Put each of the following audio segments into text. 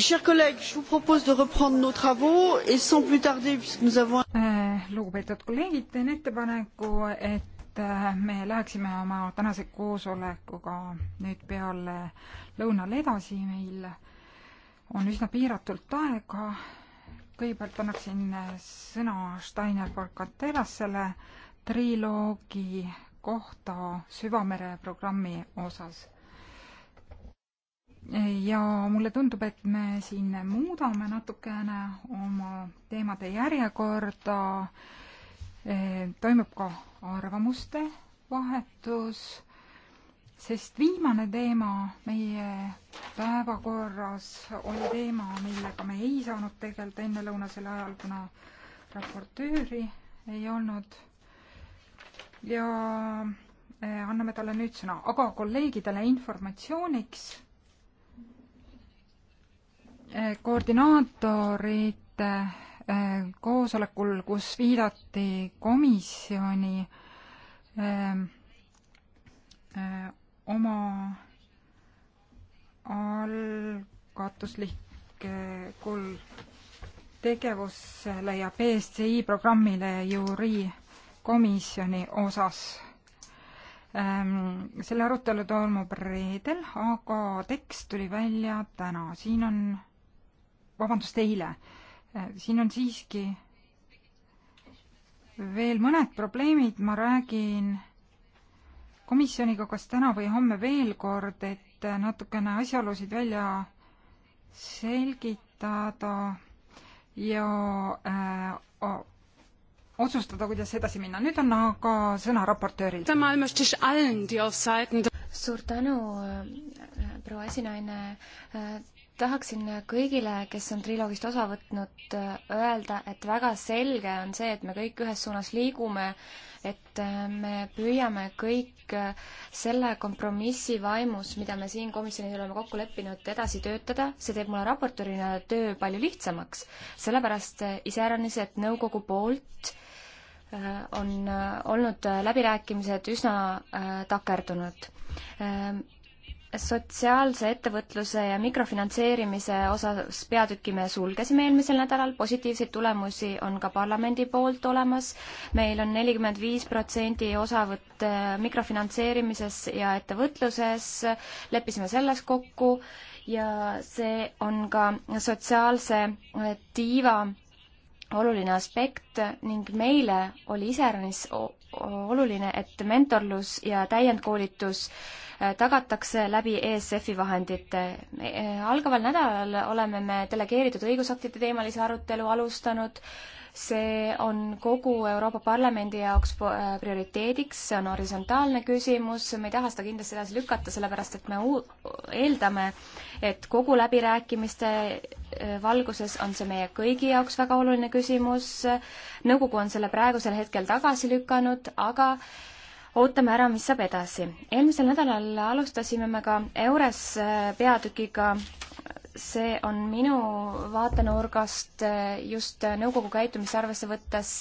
chers collègues je vous propose de reprendre nos travaux et sans plus tarder puisque nous avons äh, lugupeetud kolleegid teen ettepaneku et äh, me läheksime oma tänase koosolekuga nüüd peale lõunale edasi meil on üsna piiratult aega kõigepealt annaksin äh, sõna Steiner Barcatellasele triloogi kohta süvamere programmi osas ja mulle tundub, et me siin muudame natukene oma teemade järjekorda. E, toimub ka arvamuste vahetus, sest viimane teema meie päevakorras oli teema, millega me ei saanud tegeleda ennelõunasel ajal, kuna raportööri ei olnud. ja e, anname talle nüüd sõna, aga kolleegidele informatsiooniks Eh, koordinaatorite eh, koosolekul, kus viidati komisjoni eh, oma algatuslikul tegevusele ja BSCI programmile juuri komisjoni osas ehm, selle arutelu toimub reedel, aga tekst tuli välja täna, siin on vabandust, eile. siin on siiski veel mõned probleemid, ma räägin komisjoniga kas täna või homme veel kord, et natukene asjaolusid välja selgitada ja äh, otsustada, kuidas edasi minna. nüüd on aga sõna raportööril. suur tänu, äh, proua esinaine. Äh, tahaksin kõigile, kes on triloogist osa võtnud, öelda, et väga selge on see, et me kõik ühes suunas liigume, et me püüame kõik selle kompromissi vaimus, mida me siin komisjonis oleme kokku leppinud, edasi töötada, see teeb mulle raportöörina töö palju lihtsamaks. sellepärast iseäranis, et nõukogu poolt äh, on olnud läbirääkimised üsna äh, takerdunud ähm, sotsiaalse ettevõtluse ja mikrofinantseerimise osas peatüki me sulgesime eelmisel nädalal, positiivseid tulemusi on ka parlamendi poolt olemas. meil on nelikümmend viis protsendi osavõtt äh, mikrofinantseerimises ja ettevõtluses, leppisime selles kokku ja see on ka sotsiaalse äh, tiiva oluline aspekt ning meile oli iseäranis oluline, et mentorlus ja täiendkoolitus äh, Äh, tagatakse läbi ESF-i vahendite. Äh, algaval nädalal oleme me delegeeritud õigusaktide teemalise arutelu alustanud. see on kogu Euroopa Parlamendi jaoks äh, prioriteediks, see on horisontaalne küsimus, me ei taha seda kindlasti edasi lükata, sellepärast et me eeldame, et kogu läbirääkimiste valguses on see meie kõigi jaoks väga oluline küsimus. nõukogu on selle praegusel hetkel tagasi lükanud, aga äh, ootame ära, mis saab edasi. eelmisel nädalal alustasime me ka EURES äh, peatükiga see on minu vaatenurgast äh, just äh, nõukogu käitumist arvesse võttes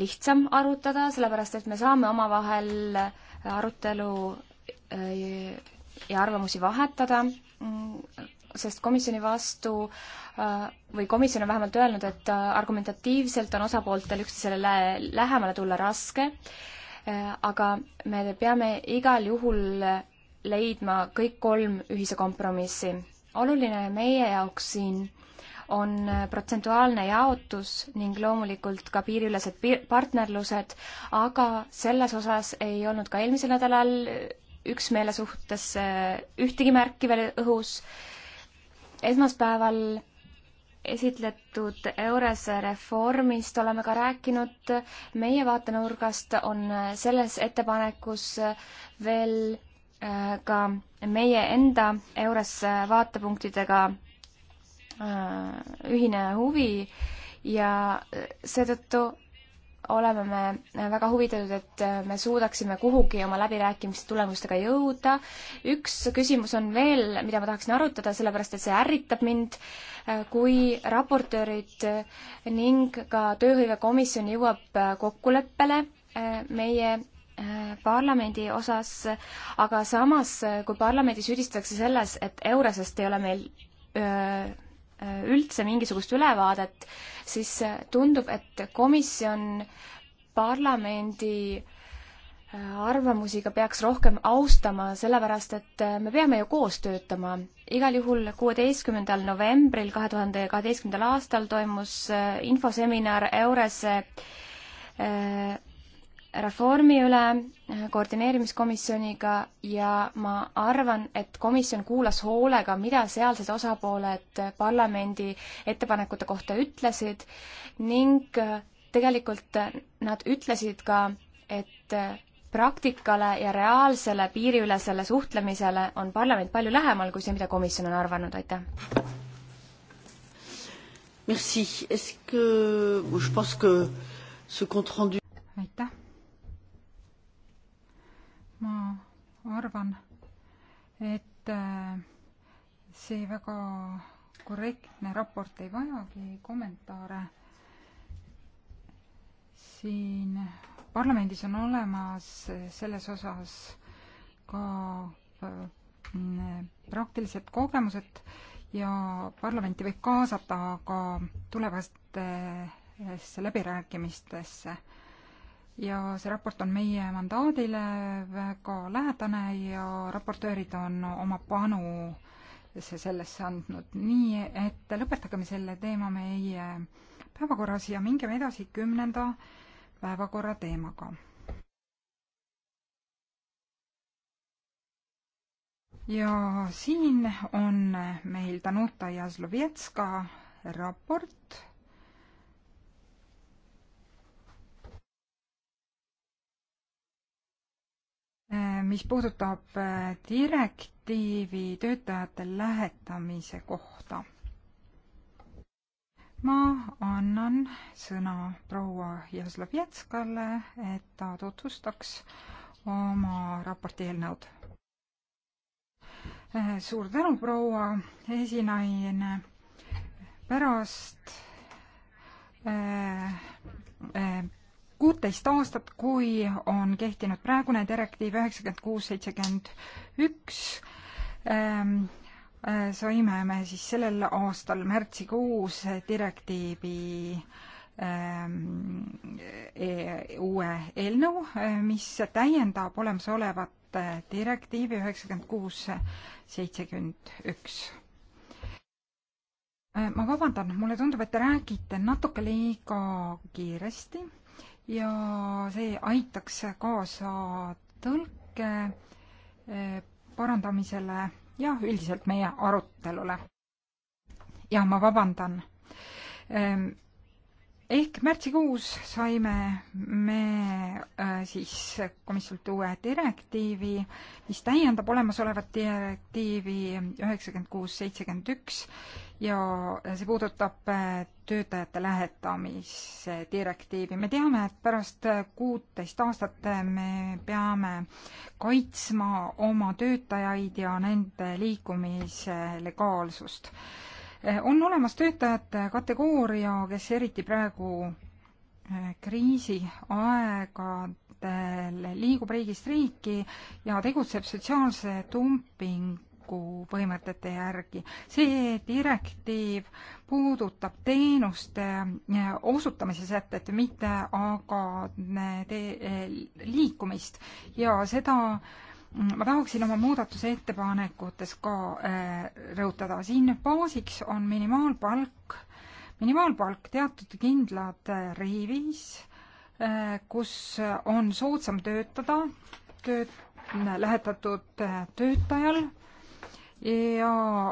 lihtsam arutada, sellepärast et me saame omavahel arutelu ja arvamusi vahetada, mm, sest komisjoni vastu või komisjon on vähemalt öelnud, et argumentatiivselt on osapooltel üksteisele lähemale tulla raske Äh, aga me peame igal juhul leidma kõik kolm ühise kompromissi. oluline meie jaoks siin on protsentuaalne jaotus ning loomulikult ka piiriülesed piir partnerlused, aga selles osas ei olnud ka eelmisel nädalal üksmeele suhtes äh, ühtegi märki veel õhus. esmaspäeval esitletud EURES reformist oleme ka rääkinud. meie vaatenurgast on selles ettepanekus veel äh, ka meie enda EURES vaatepunktidega äh, ühine huvi ja äh, seetõttu oleme me väga huvitatud, et me suudaksime kuhugi oma läbirääkimiste tulemustega jõuda. üks küsimus on veel, mida ma tahaksin arutada, sellepärast et see ärritab mind, kui raportöörid ning ka Tööhõivekomisjon jõuab kokkuleppele eh, meie eh, parlamendi osas, aga samas, kui parlamendi süüdistatakse selles, et Eurosest ei ole meil öö, eh, üldse mingisugust ülevaadet, siis tundub, et komisjon parlamendi äh, arvamusi ka peaks rohkem austama, sellepärast et äh, me peame ju koos töötama. igal juhul kuueteistkümnendal novembril kahe tuhande kaheteistkümnendal aastal toimus äh, infoseminar EURES reformi üle äh, koordineerimiskomisjoniga ja ma arvan, et komisjon kuulas hoolega, mida sealsed osapooled äh, parlamendi ettepanekute kohta ütlesid ning äh, tegelikult nad ütlesid ka, et praktikale ja reaalsele piiriülesele suhtlemisele on parlament palju lähemal kui see, mida komisjon on arvanud, aitäh. Merci, est-ce que, je pense que ce compte rendu aitäh ma arvan, et äh, see väga korrektne raport ei vajagi kommentaare. siin parlamendis on olemas selles osas ka äh, praktilised kogemused ja parlamenti võib kaasata ka tulevastesse läbirääkimistesse ja see raport on meie mandaadile väga lähedane ja raportöörid on oma panu sellesse andnud. nii et lõpetagem selle teema meie päevakorras ja mingem edasi kümnenda päevakorra teemaga. ja siin on meil Danuta Jazlovetska raport Eh, mis puudutab eh, direktiivi töötajate lähetamise kohta. ma annan sõna proua Jaslovjetskale, et ta tutvustaks oma raporti eelnõud. Eh, suur tänu, proua esinaine. pärast äh, äh, kuuteist aastat, kui on kehtinud praegune direktiiv üheksakümmend kuus, seitsekümmend üks, ähm, äh, saime me siis sellel aastal märtsikuus direktiivi ähm, e, uue eelnõu, äh, mis täiendab olemasolevat äh, direktiivi üheksakümmend kuus, seitsekümmend üks ma vabandan, mulle tundub, et te räägite natuke liiga kiiresti ja see aitaks kaasa tõlke eh, parandamisele ja üldiselt meie arutelule. ja ma vabandan. Ehm, ehk märtsikuus saime me eh, siis komisjonilt uue direktiivi, mis täiendab olemasolevat direktiivi üheksakümmend kuus, seitsekümmend üks ja see puudutab eh, töötajate lähetamise direktiivi. me teame, et pärast kuuteist aastat me peame kaitsma oma töötajaid ja nende liikumise legaalsust. on olemas töötajate kategooria, kes eriti praegu eh, kriisiaegadel liigub riigist riiki ja tegutseb sotsiaalse dumping tuleviku põhimõtete järgi. see direktiiv puudutab teenuste eh, osutamise sätet, mitte aga eh, eh, liikumist ja seda mm, ma tahaksin oma muudatuse ettepanekutes ka rõhutada. siin baasiks on minimaalpalk, minimaalpalk teatud kindlad riivis, kus on soodsam töötada, tööd lähetatud töötajal ja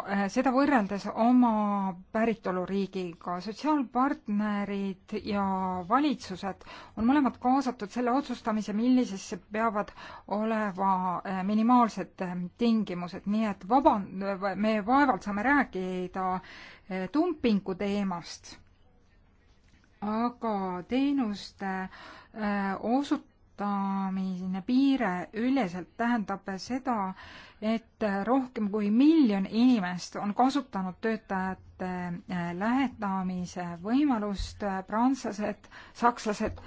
eh, seda võrreldes oma päritoluriigiga. sotsiaalpartnerid ja valitsused on mõlemad kaasatud selle otsustamise, millisesse peavad olema eh, minimaalsed eh, tingimused, nii et vaba, me vaevalt saame rääkida dumpingu teemast, aga teenuste osut-, kasutamine piire üldiselt tähendab seda, et rohkem kui miljon inimest on kasutanud töötajate eh, lähetamise võimalust, eh, prantslased, sakslased.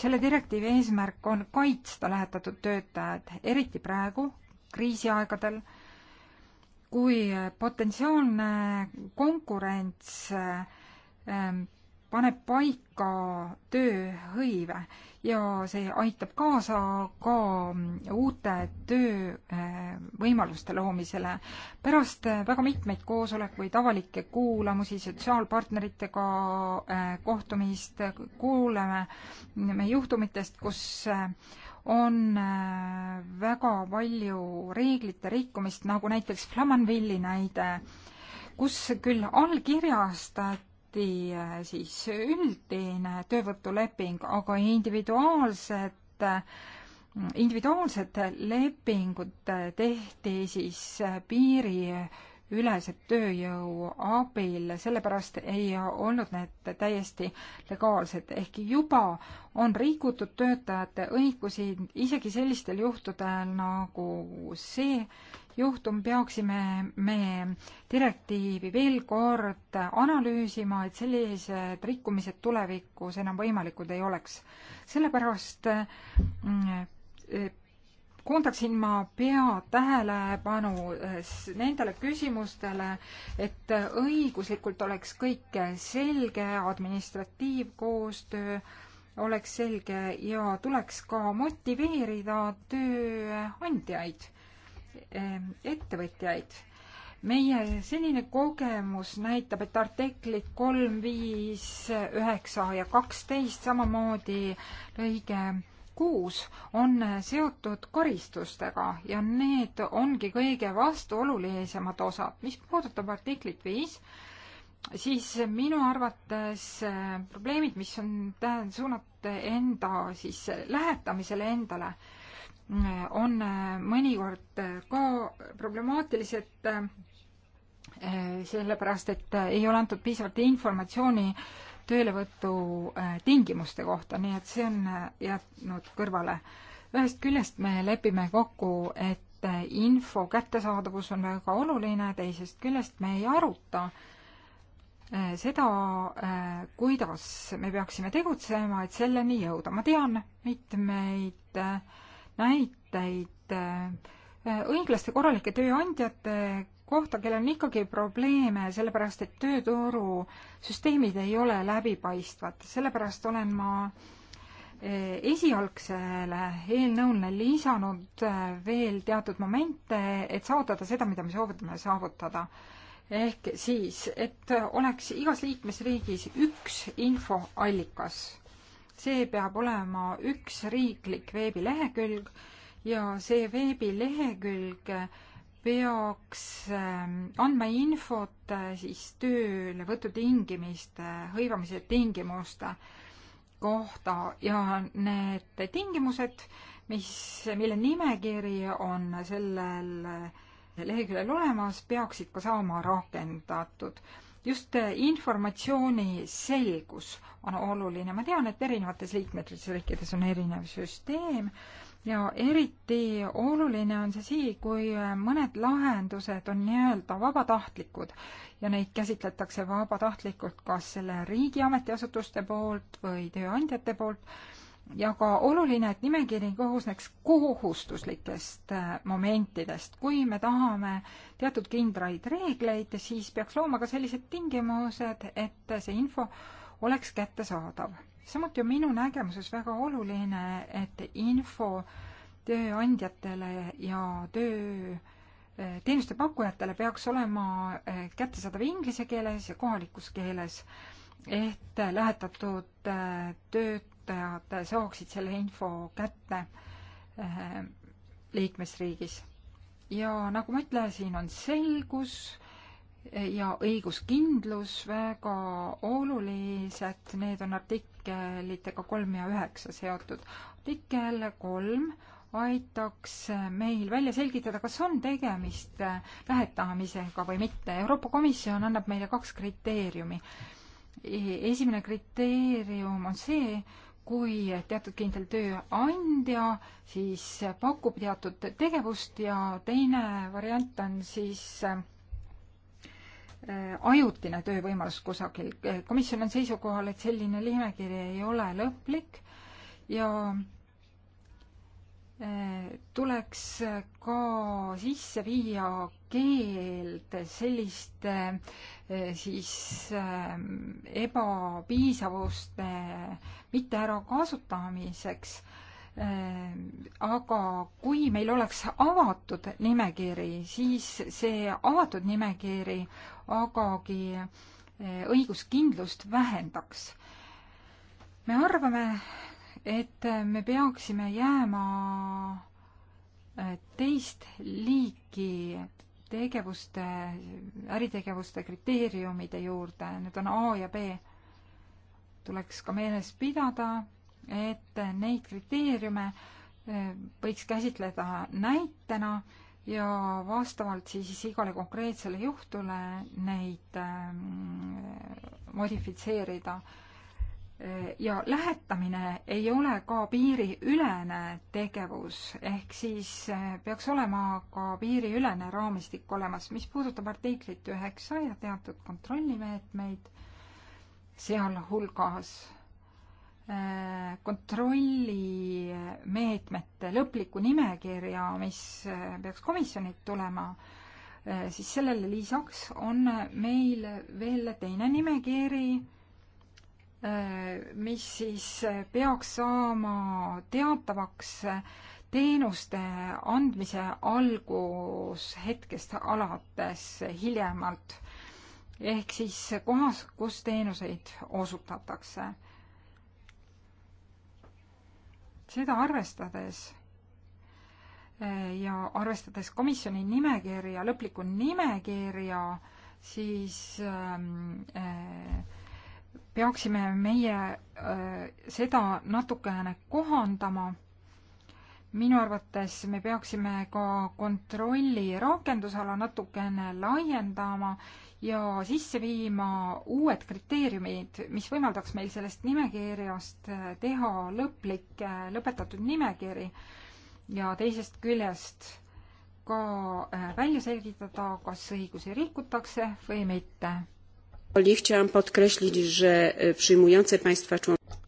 selle direktiivi eesmärk on kaitsta lähetatud töötajad, eriti praegu, kriisiaegadel, kui eh, potentsiaalne konkurents paneb paika tööhõive ja see aitab kaasa ka uute töövõimaluste loomisele. pärast väga mitmeid koosolekuid, avalikke kuulamusi, sotsiaalpartneritega äh, kohtumist kuuleme me juhtumitest, kus äh, on äh, väga palju reeglite rikkumist, nagu näiteks Flamanvilli näide, kus küll allkirjastati lahti äh, siis üldine töövõtuleping, aga individuaalsed, äh, individuaalsed lepingud tehti siis äh, piiriülese tööjõu abil, sellepärast ei olnud need täiesti legaalsed, ehkki juba on rikutud töötajate õigusi isegi sellistel juhtudel nagu see, juhtum peaksime me direktiivi veel kord analüüsima, et sellised rikkumised tulevikus enam võimalikud ei oleks. sellepärast mm, koondaksin ma pea tähelepanu äh, nendele küsimustele, et õiguslikult oleks kõik selge, administratiivkoostöö oleks selge ja tuleks ka motiveerida tööandjaid Ehm, ettevõtjaid. meie senine kogemus näitab, et artiklid kolm, viis, üheksa ja kaksteist, samamoodi lõige kuus on seotud karistustega ja need ongi kõige vastuolulisemad osad. mis puudutab artiklit viis, siis minu arvates äh, probleemid, mis on suunatud enda siis lähetamisele endale, on äh, mõnikord äh, ka problemaatilised, äh, sellepärast et ei ole antud piisavalt informatsiooni töölevõtu tingimuste kohta, nii et see on jätnud kõrvale. ühest küljest me lepime kokku, et info kättesaadavus on väga oluline, teisest küljest me ei aruta seda, kuidas me peaksime tegutsema, et selleni jõuda. ma tean mitmeid äh, näiteid äh, õiglaste korralike tööandjate kohta, kellel on ikkagi probleeme, sellepärast et tööturusüsteemid ei ole läbipaistvad, sellepärast olen ma äh, esialgsele eelnõule lisanud äh, veel teatud momente, et saavutada seda, mida me soovime saavutada. ehk siis, et oleks igas liikmesriigis üks infoallikas see peab olema üks riiklik veebilehekülg ja see veebilehekülg peaks ähm, andma infot äh, siis töölevõtu tingimiste, hõivamise tingimuste kohta ja need tingimused, mis, mille nimekiri on sellel leheküljel olemas, peaksid ka saama rakendatud just äh, informatsiooni selgus on oluline. ma tean, et erinevates liikmesriikides on erinev süsteem ja eriti oluline on see siis, kui äh, mõned lahendused on nii-öelda vabatahtlikud ja neid käsitletakse vabatahtlikult kas selle riigi ametiasutuste poolt või tööandjate poolt ja ka oluline, et nimekiri koosneks kohustuslikest äh, momentidest. kui me tahame teatud kindraid reegleid, siis peaks looma ka sellised tingimused, et see info oleks kättesaadav. samuti on minu nägemuses väga oluline, et info tööandjatele ja töö äh, teenuste pakkujatele peaks olema äh, kättesaadav inglise keeles ja kohalikus keeles, et lähetatud töötajad töötajad saaksid selle info kätte eh, liikmesriigis. ja nagu ma ütlesin, on selgus ja õiguskindlus väga olulised, need on artiklitega kolm ja üheksa seotud. artikkel kolm aitaks meil välja selgitada, kas on tegemist lähetamisega või mitte. Euroopa Komisjon annab meile kaks kriteeriumi. E-, esimene kriteerium on see, kui teatud kindel tööandja siis pakub teatud tegevust ja teine variant on siis äh, ajutine töövõimalus kusagil. komisjon on seisukohal, et selline nimekiri ei ole lõplik ja tuleks ka sisse viia keeld selliste eh, siis eh, ebapiisavuste mitte ärakasutamiseks eh, aga kui meil oleks avatud nimekiri, siis see avatud nimekiri agagi õiguskindlust vähendaks. me arvame et me peaksime jääma äh, teist liiki tegevuste, äritegevuste kriteeriumide juurde, need on A ja B. tuleks ka meeles pidada, et neid kriteeriume äh, võiks käsitleda näitena ja vastavalt siis igale konkreetsele juhtule neid ähm, modifitseerida äh, ja lähetamine ei ole ka piiriülene tegevus, ehk siis eh, peaks olema ka piiriülene raamistik olemas, mis puudutab artiklit üheksa ja teatud kontrollimeetmeid, sealhulgas eh, kontrollimeetmete lõplikku nimekirja, mis eh, peaks komisjonilt tulema, siis sellele lisaks on meil veel teine nimekiri mis siis peaks saama teatavaks teenuste andmise algushetkest alates hiljemalt ehk siis kohas, kus teenuseid osutatakse. seda arvestades ja arvestades komisjoni nimekirja, lõplikku nimekirja, siis ähm, äh, äh, peaksime meie äh, seda natukene kohandama. minu arvates me peaksime ka kontrolli rakendusala natukene laiendama ja sisse viima uued kriteeriumid, mis võimaldaks meil sellest nimekirjast äh, teha lõplik äh, lõpetatud nimekiri ja teisest küljest ka välja selgitada, kas õigusi rikutakse või mitte. Chciałam podkreślić, że e, przyjmujące państwa członkowskie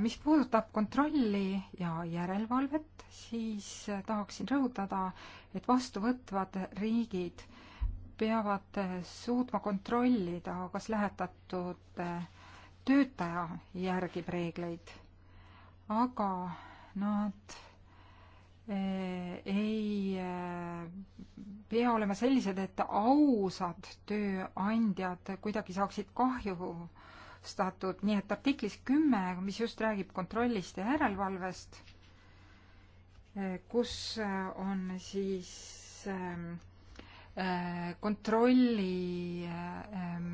mis puudutab kontrolli ja järelevalvet, siis e, tahaksin rõhutada, et vastuvõtvad riigid peavad e, suutma kontrollida, kas lähetatud töötaja järgib reegleid, aga nad Äh, ei äh, pea olema sellised, et ausad tööandjad kuidagi saaksid kahjustatud, nii et artiklis kümme, mis just räägib kontrollist ja järelevalvest, äh, kus on siis ähm, kontrolli ähm,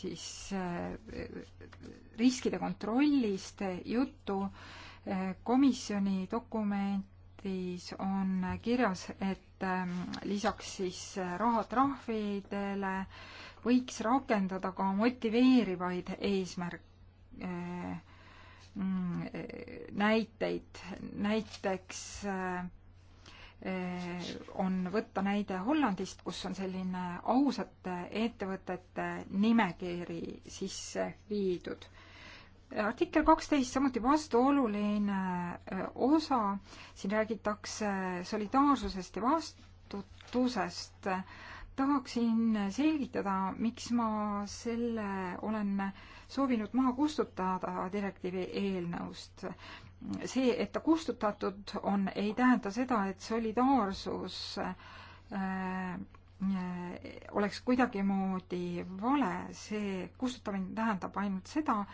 siis riskide kontrollist juttu komisjoni dokumendis on kirjas, et ähm, lisaks siis rahatrahvidele võiks rakendada ka motiveerivaid eesmärk-, äh, näiteid, näiteks äh, on võtta näide Hollandist, kus on selline ausate ettevõtete nimekiri sisse viidud artikkel kaksteist samuti vastuoluline äh, osa, siin räägitakse solidaarsusest ja vastutusest. tahaksin selgitada, miks ma selle olen soovinud maha kustutada direktiivi eelnõust. see, et ta kustutatud on, ei tähenda seda, et solidaarsus äh, äh oleks kuidagimoodi vale, see kustutamine tähendab ainult seda,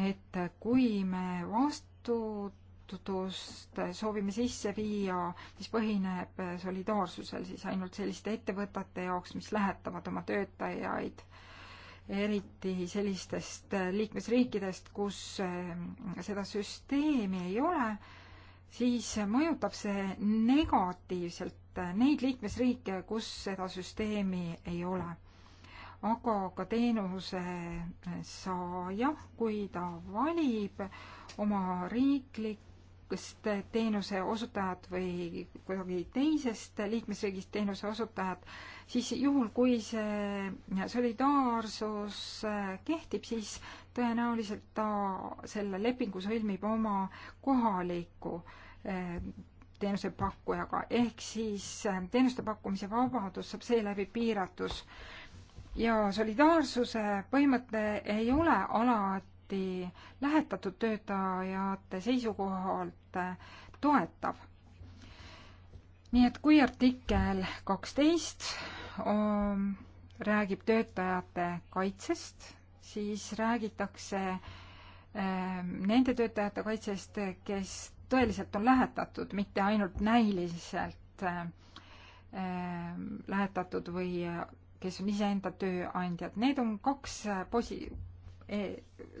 et kui me vastutust soovime sisse viia, mis põhineb solidaarsusel, siis ainult selliste ettevõtete jaoks, mis lähetavad oma töötajaid eriti sellistest liikmesriikidest, kus eh, seda süsteemi ei ole, siis mõjutab see negatiivselt neid liikmesriike, kus seda süsteemi ei ole aga ka teenuse saaja, kui ta valib oma riiklikust teenuse osutajat või kuidagi teisest liikmesriigist teenuse osutajat, siis juhul, kui see solidaarsus kehtib, siis tõenäoliselt ta selle lepingu sõlmib oma kohaliku eh, teenusepakkujaga, ehk siis eh, teenuste pakkumise vabadus saab seeläbi piiratus ja solidaarsuse põhimõte ei ole alati lähetatud töötajate seisukohalt toetav. nii et kui artikkel kaksteist ähm, räägib töötajate kaitsest, siis räägitakse ähm, nende töötajate kaitsest, kes tõeliselt on lähetatud, mitte ainult näiliselt ähm, lähetatud või kes on iseenda tööandjad. Need on kaks äh, posi-, e,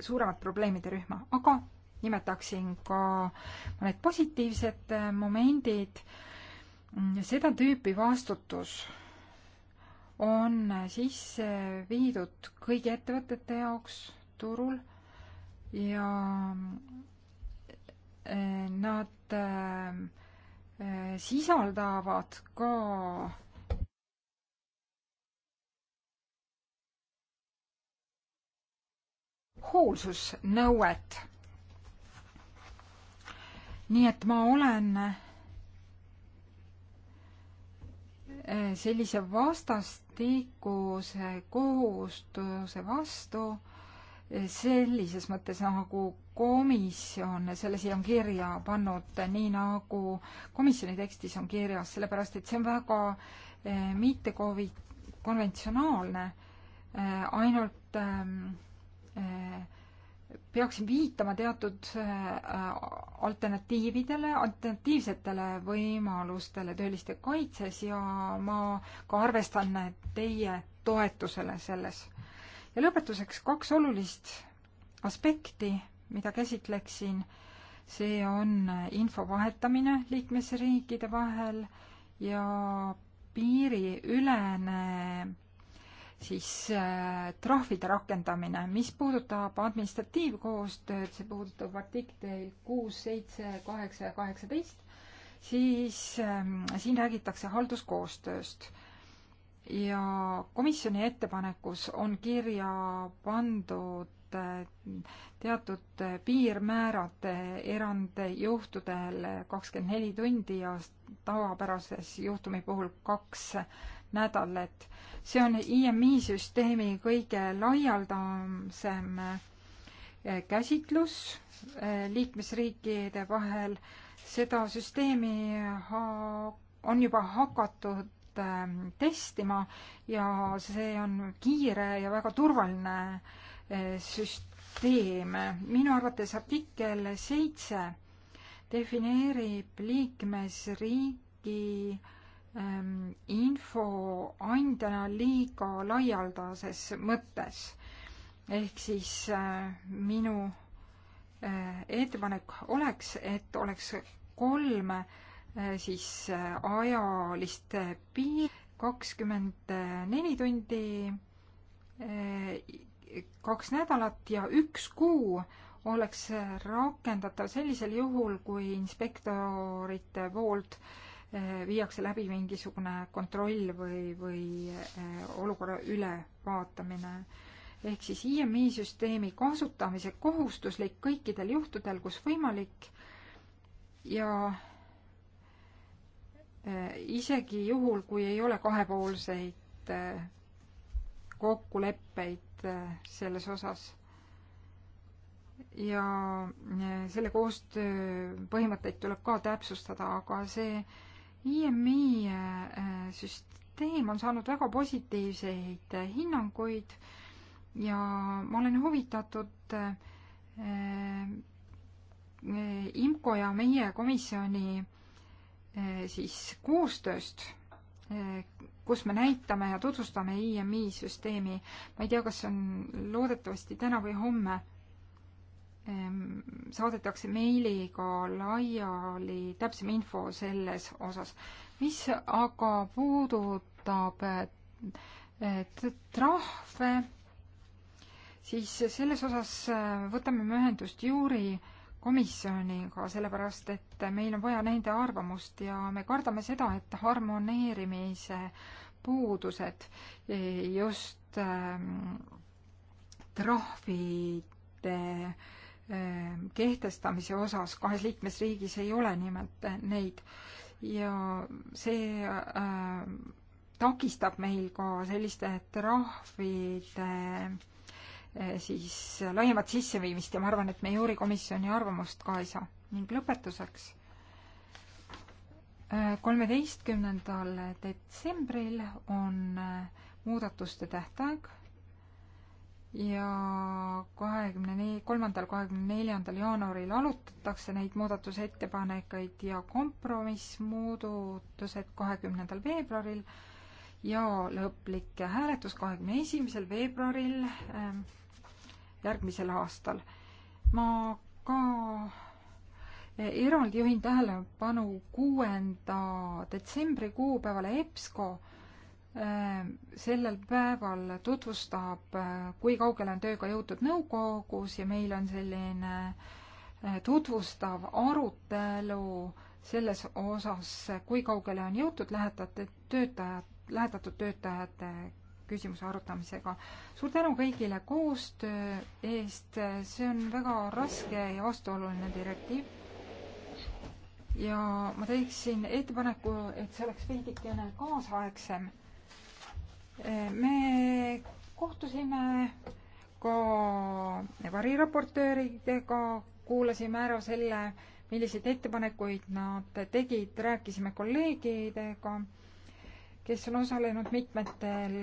suuremat probleemide rühma, aga nimetaksin ka mõned positiivsed äh, momendid. Mm, seda tüüpi vastutus on äh, sisse viidud kõigi ettevõtete jaoks turul ja nad sisaldavad ka hoolsusnõuet. nii et ma olen eh, sellise vastastikuse kohustuse vastu eh, sellises mõttes nagu komisjon selle siia on kirja pannud, nii nagu komisjoni tekstis on kirjas, sellepärast et see on väga eh, mitte-konventsionaalne eh,, ainult eh, peaksin viitama teatud äh, alternatiividele, alternatiivsetele võimalustele tööliste kaitses ja ma ka arvestan teie toetusele selles. ja lõpetuseks kaks olulist aspekti, mida käsitleksin. see on info vahetamine liikmesriikide vahel ja piiriülene siis äh, trahvide rakendamine, mis puudutab administratiivkoostööd, see puudutab artikleid kuus, seitse, kaheksa ja kaheksateist, siis ähm, siin räägitakse halduskoostööst. ja komisjoni ettepanekus on kirja pandud äh, teatud äh, piirmäärad erandjuhtudel kakskümmend neli tundi ja tavapärases juhtumi puhul kaks nädal, et see on IMI süsteemi kõige laialdasem eh, käsitlus eh, liikmesriikide vahel. seda süsteemi ha-, on juba hakatud eh, testima ja see on kiire ja väga turvaline süsteem. minu arvates artikkel seitse defineerib liikmesriigi äh, Ehm, infoandjana liiga laialdases mõttes. ehk siis eh, minu eh, ettepanek oleks, et oleks kolm eh, siis ajalist piir, kakskümmend neli tundi, kaks nädalat ja üks kuu oleks rakendatav sellisel juhul, kui inspektorite poolt äh, Eh, viiakse läbi mingisugune kontroll või, või eh, olukorra ülevaatamine. ehk siis IMI süsteemi kasutamise kohustuslik kõikidel juhtudel, kus võimalik ja eh, isegi juhul, kui ei ole kahepoolseid kokkuleppeid selles osas ja selle koostöö põhimõtteid tuleb ka täpsustada, aga see IMI äh, süsteem on saanud väga positiivseid hinnanguid ja ma olen huvitatud äh, äh, IMCO ja meie komisjoni siis koostööst, kus me näitame ja tutvustame IMI süsteemi. ma ei tea, kas see on loodetavasti täna või homme Ehm, saadetakse meiliga laiali täpsem info selles osas. mis aga puudutab trahve, siis selles osas äh, võtame me ühendust juuri komisjoniga, sellepärast et meil on vaja nende arvamust ja me kardame seda, et harmoneerimise puudused e, just ähm, trahvide äh, Ehm, kehtestamise osas kahes liikmesriigis ei ole nimelt neid ja see äh, takistab meil ka selliste trahvide äh, siis laiemat sisseviimist ja ma arvan, et me juurikomisjoni arvamust ka ei saa. ning lõpetuseks eh, kolmeteistkümnendal äh, detsembril on eh, muudatuste tähtaeg ja kahekümne ne-, kolmandal, kahekümne neljandal jaanuaril arutatakse neid muudatusettepanekuid ja kompromissmuudatused kahekümnendal veebruaril ja lõplik hääletus kahekümne esimesel veebruaril ähm, järgmisel aastal. ma ka äh, eraldi juhin tähelepanu kuuenda detsembri kuupäevale EBSCO Äh, sellel päeval tutvustab, äh, kui kaugele on tööga jõutud nõukogus ja meil on selline äh, tutvustav arutelu selles osas, kui kaugele on jõutud lähetate töötajad, lähetatud töötajate küsimuse arutamisega. suur tänu kõigile koostöö eest, see on väga raske ja vastuoluline direktiiv. ja ma teeksin ettepaneku, et see oleks veidikene kaasaegsem me kohtusime ka variraportööridega, kuulasime ära selle, milliseid ettepanekuid nad tegid, rääkisime kolleegidega, kes on osalenud mitmetel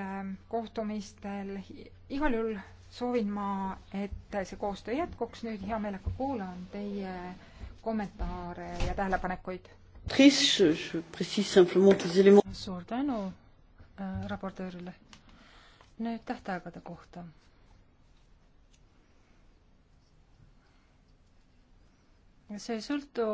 kohtumistel. igal juhul soovin ma, et see koostöö jätkuks, nüüd hea meelega kuulan teie kommentaare ja tähelepanekuid. suur tänu, äh, raportöörile. nüüd tähtaegade kohta. see ei sõltu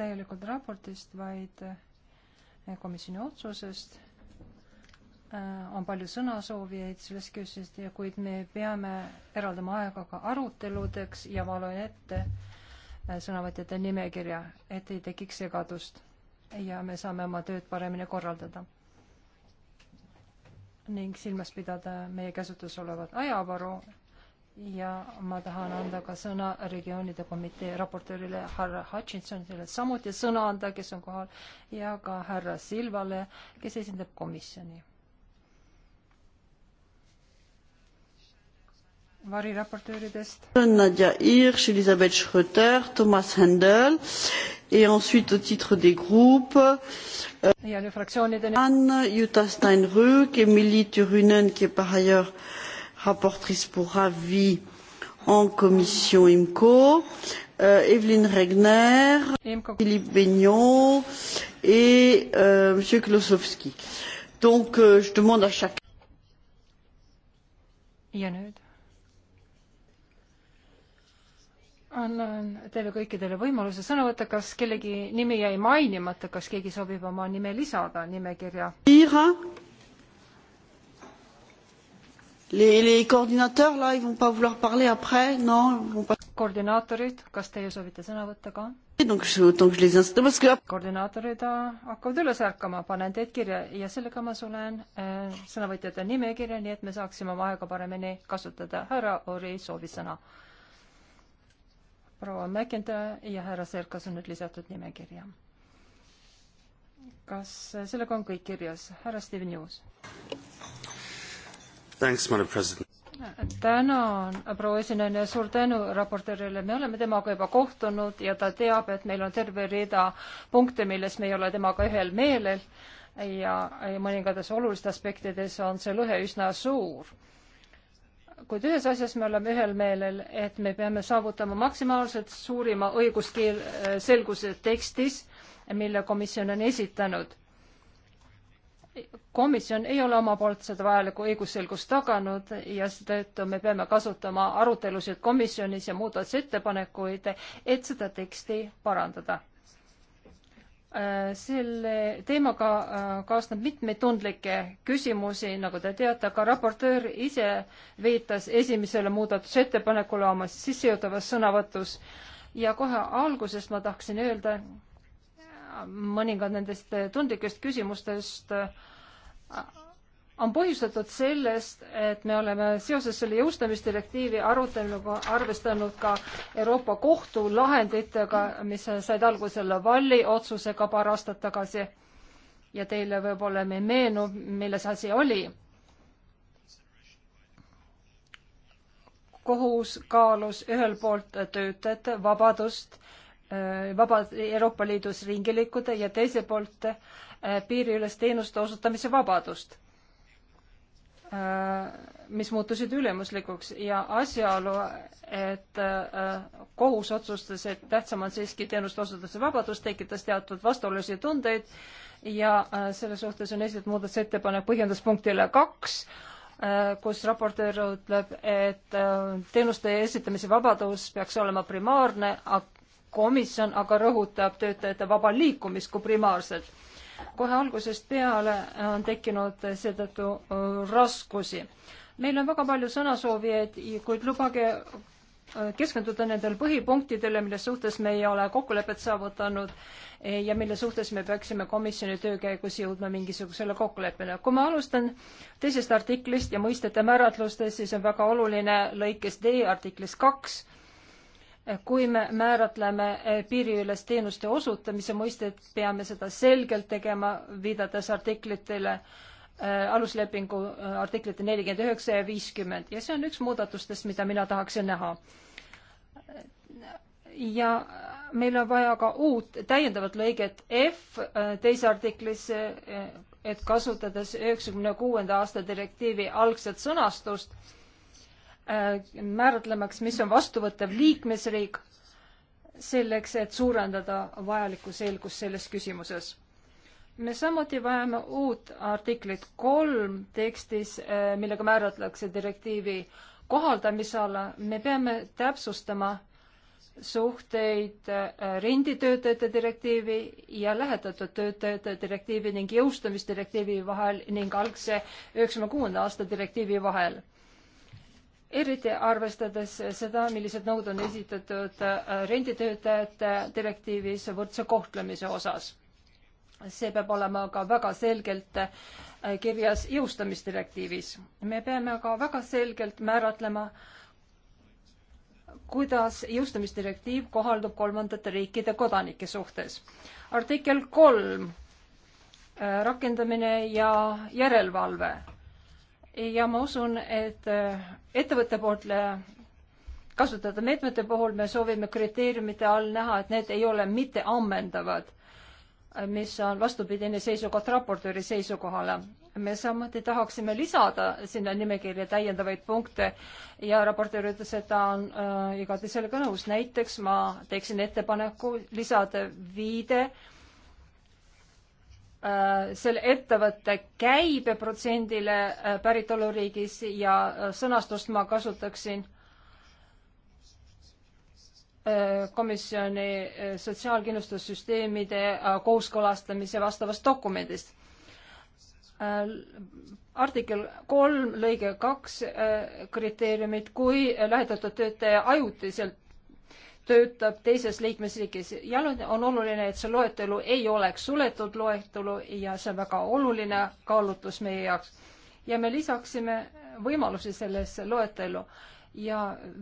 täielikult raportist, vaid äh, komisjoni otsusest äh, on palju sõnasoovijaid selles küsimuses, kuid me peame eraldama aega ka aruteludeks ja ma loen ette äh, sõnavõtjate nimekirja, et ei tekiks segadust ja me saame oma tööd paremini korraldada ning silmas pidada meie käsutus olevat ajavaru ja ma tahan anda ka sõna regioonide komitee raportöörile härra Hutchinsonile samuti sõna anda, kes on kohal, ja ka härra Silvale, kes esindab komisjoni. variraportööridest. Nadja Hirš, Elizabeth Schröter, Thomas Händel et ensuite au titre des groupes anne jutta steinruck emilie turunen qui est par ailleurs rapporteure pour avis en commission imco euh, evelyne regner philippe bennion et euh, m. kozowski. donc euh, je demande à chacun annan teile kõikidele võimaluse sõna võtta, kas kellegi nimi jäi mainimata, kas keegi soovib oma nime lisada nimekirja? Les, les coordinateurs, là, ils vont pas vouloir parler après, non vont pas... Koordinaatorid, kas teie soovite sõna võtta ka? Donc, je, autant que je les installe, parce que... Koordinaatorid äh, hakkavad üles ärkama, panen teid kirja ja sellega ma sulen äh, sõnavõtjate nimekirja, nii et me saaksime oma aega paremini kasutada. Härra Ori soovis sõna proua McIntyre ja härra Serkas on nüüd lisatud nimekirja. kas sellega on kõik kirjas? härra Steven Hughes. tänan, proua esineja, suur tänu raportöörile, me oleme temaga juba kohtunud ja ta teab, et meil on terve rida punkte, milles me ei ole temaga ühel meelel ja, ja mõningates olulistes aspektides on see lõhe üsna suur kuid ühes asjas me oleme ühel meelel, et me peame saavutama maksimaalselt suurima õiguskeel, selguse tekstis, mille komisjon on esitanud. komisjon ei ole oma poolt seda vajalikku õigusselgust taganud ja seetõttu me peame kasutama arutelusid komisjonis ja muudatusettepanekuid, et seda teksti parandada Äh, selle teemaga äh, kaasneb mitmeid tundlikke küsimusi, nagu te teate, ka raportöör ise viitas esimesele muudatusettepanekule oma sissejuhatavas sõnavõtus ja kohe alguses ma tahaksin öelda äh, mõningad nendest tundlikest küsimustest on põhjustatud sellest, et me oleme seoses selle jõustamisdirektiivi aruteluga arvestanud ka Euroopa Kohtu lahenditega, mis said alguse Lavalli otsusega paar aastat tagasi. ja teile võib-olla ei meenu, milles asi oli. kohus kaalus ühelt poolt töötajate vabadust äh, vaba Euroopa Liidus ringi liikuda ja teiselt poolt äh, piiriülest teenuste osutamise vabadust Äh, mis muutusid ülemuslikuks ja asjaolu, et äh, kohus otsustas, et tähtsam on siiski teenuste osutamise vabadus, tekitas teatud vastuolulisi tundeid ja äh, selle suhtes on esitatud muudatusettepanek põhjenduspunktile kaks, kus raportöör ütleb, et teenuste esitamise vabadus peaks olema primaarne, komisjon aga rõhutab töötajate vaba liikumist kui primaarset kohe algusest peale äh, on tekkinud seetõttu äh, raskusi. meil on väga palju sõnasoovijaid, kuid lubage äh, keskenduda nendele põhipunktidele, mille suhtes me ei ole kokkulepet saavutanud eh, ja mille suhtes me peaksime komisjoni töö käigus jõudma mingisugusele kokkuleppele. kui ma alustan teisest artiklist ja mõistete määratlustest, siis on väga oluline lõikes D artiklis kaks kui me määratleme eh, piiriüles teenuste osutamise mõistet, peame seda selgelt tegema, viidates artiklitele äh,, aluslepingu äh, artiklite nelikümmend üheksa ja viiskümmend ja see on üks muudatustest, mida mina tahaksin näha. ja meil on vaja ka uut täiendavat lõiget F teise artiklis, et kasutades üheksakümne kuuenda aasta direktiivi algset sõnastust Äh, määratlemaks, mis on vastuvõttev liikmesriik, selleks, et suurendada vajalikku selgust selles küsimuses. me samuti vajame uut artiklit kolm tekstis, äh, millega määratletakse direktiivi kohaldamisala, me peame täpsustama suhteid äh, renditöötajate direktiivi ja lähetatud töötajate direktiivi ning jõustumisdirektiivi vahel ning algse üheksakümne kuuenda aasta direktiivi vahel eriti arvestades seda, millised nõud on esitatud äh, renditöötajate direktiivis võrdse kohtlemise osas. see peab olema ka väga selgelt äh, kirjas jõustamisdirektiivis. me peame ka väga selgelt määratlema, kuidas jõustamisdirektiiv kohaldub kolmandate riikide kodanike suhtes. artikkel kolm, äh, rakendamine ja järelevalve ja ma usun, et äh, ettevõtte poolt äh, kasutada meetmete puhul me soovime kriteeriumite all näha, et need ei ole mitte ammendavad, äh, mis on vastupidine seisukoht raportööri seisukohale. me samuti tahaksime lisada sinna nimekirja täiendavaid punkte ja raportöör ütles, et ta on äh, igati sellega nõus. näiteks ma teeksin ettepaneku lisada viide äh, Äh, selle ettevõtte käibeprotsendile äh, päritoluriigis ja äh, sõnastust ma kasutaksin komisjoni sotsiaalkindlustussüsteemide kooskõlastamise vastavast dokumendist. artikkel kolm lõige kaks kriteeriumid, kui lähetatud töötaja ajutiselt töötab teises liikmesriigis ja on oluline, et see loetelu ei oleks suletud loetelu ja see on väga oluline kaalutlus meie jaoks. ja me lisaksime võimalusi sellesse loetellu. ja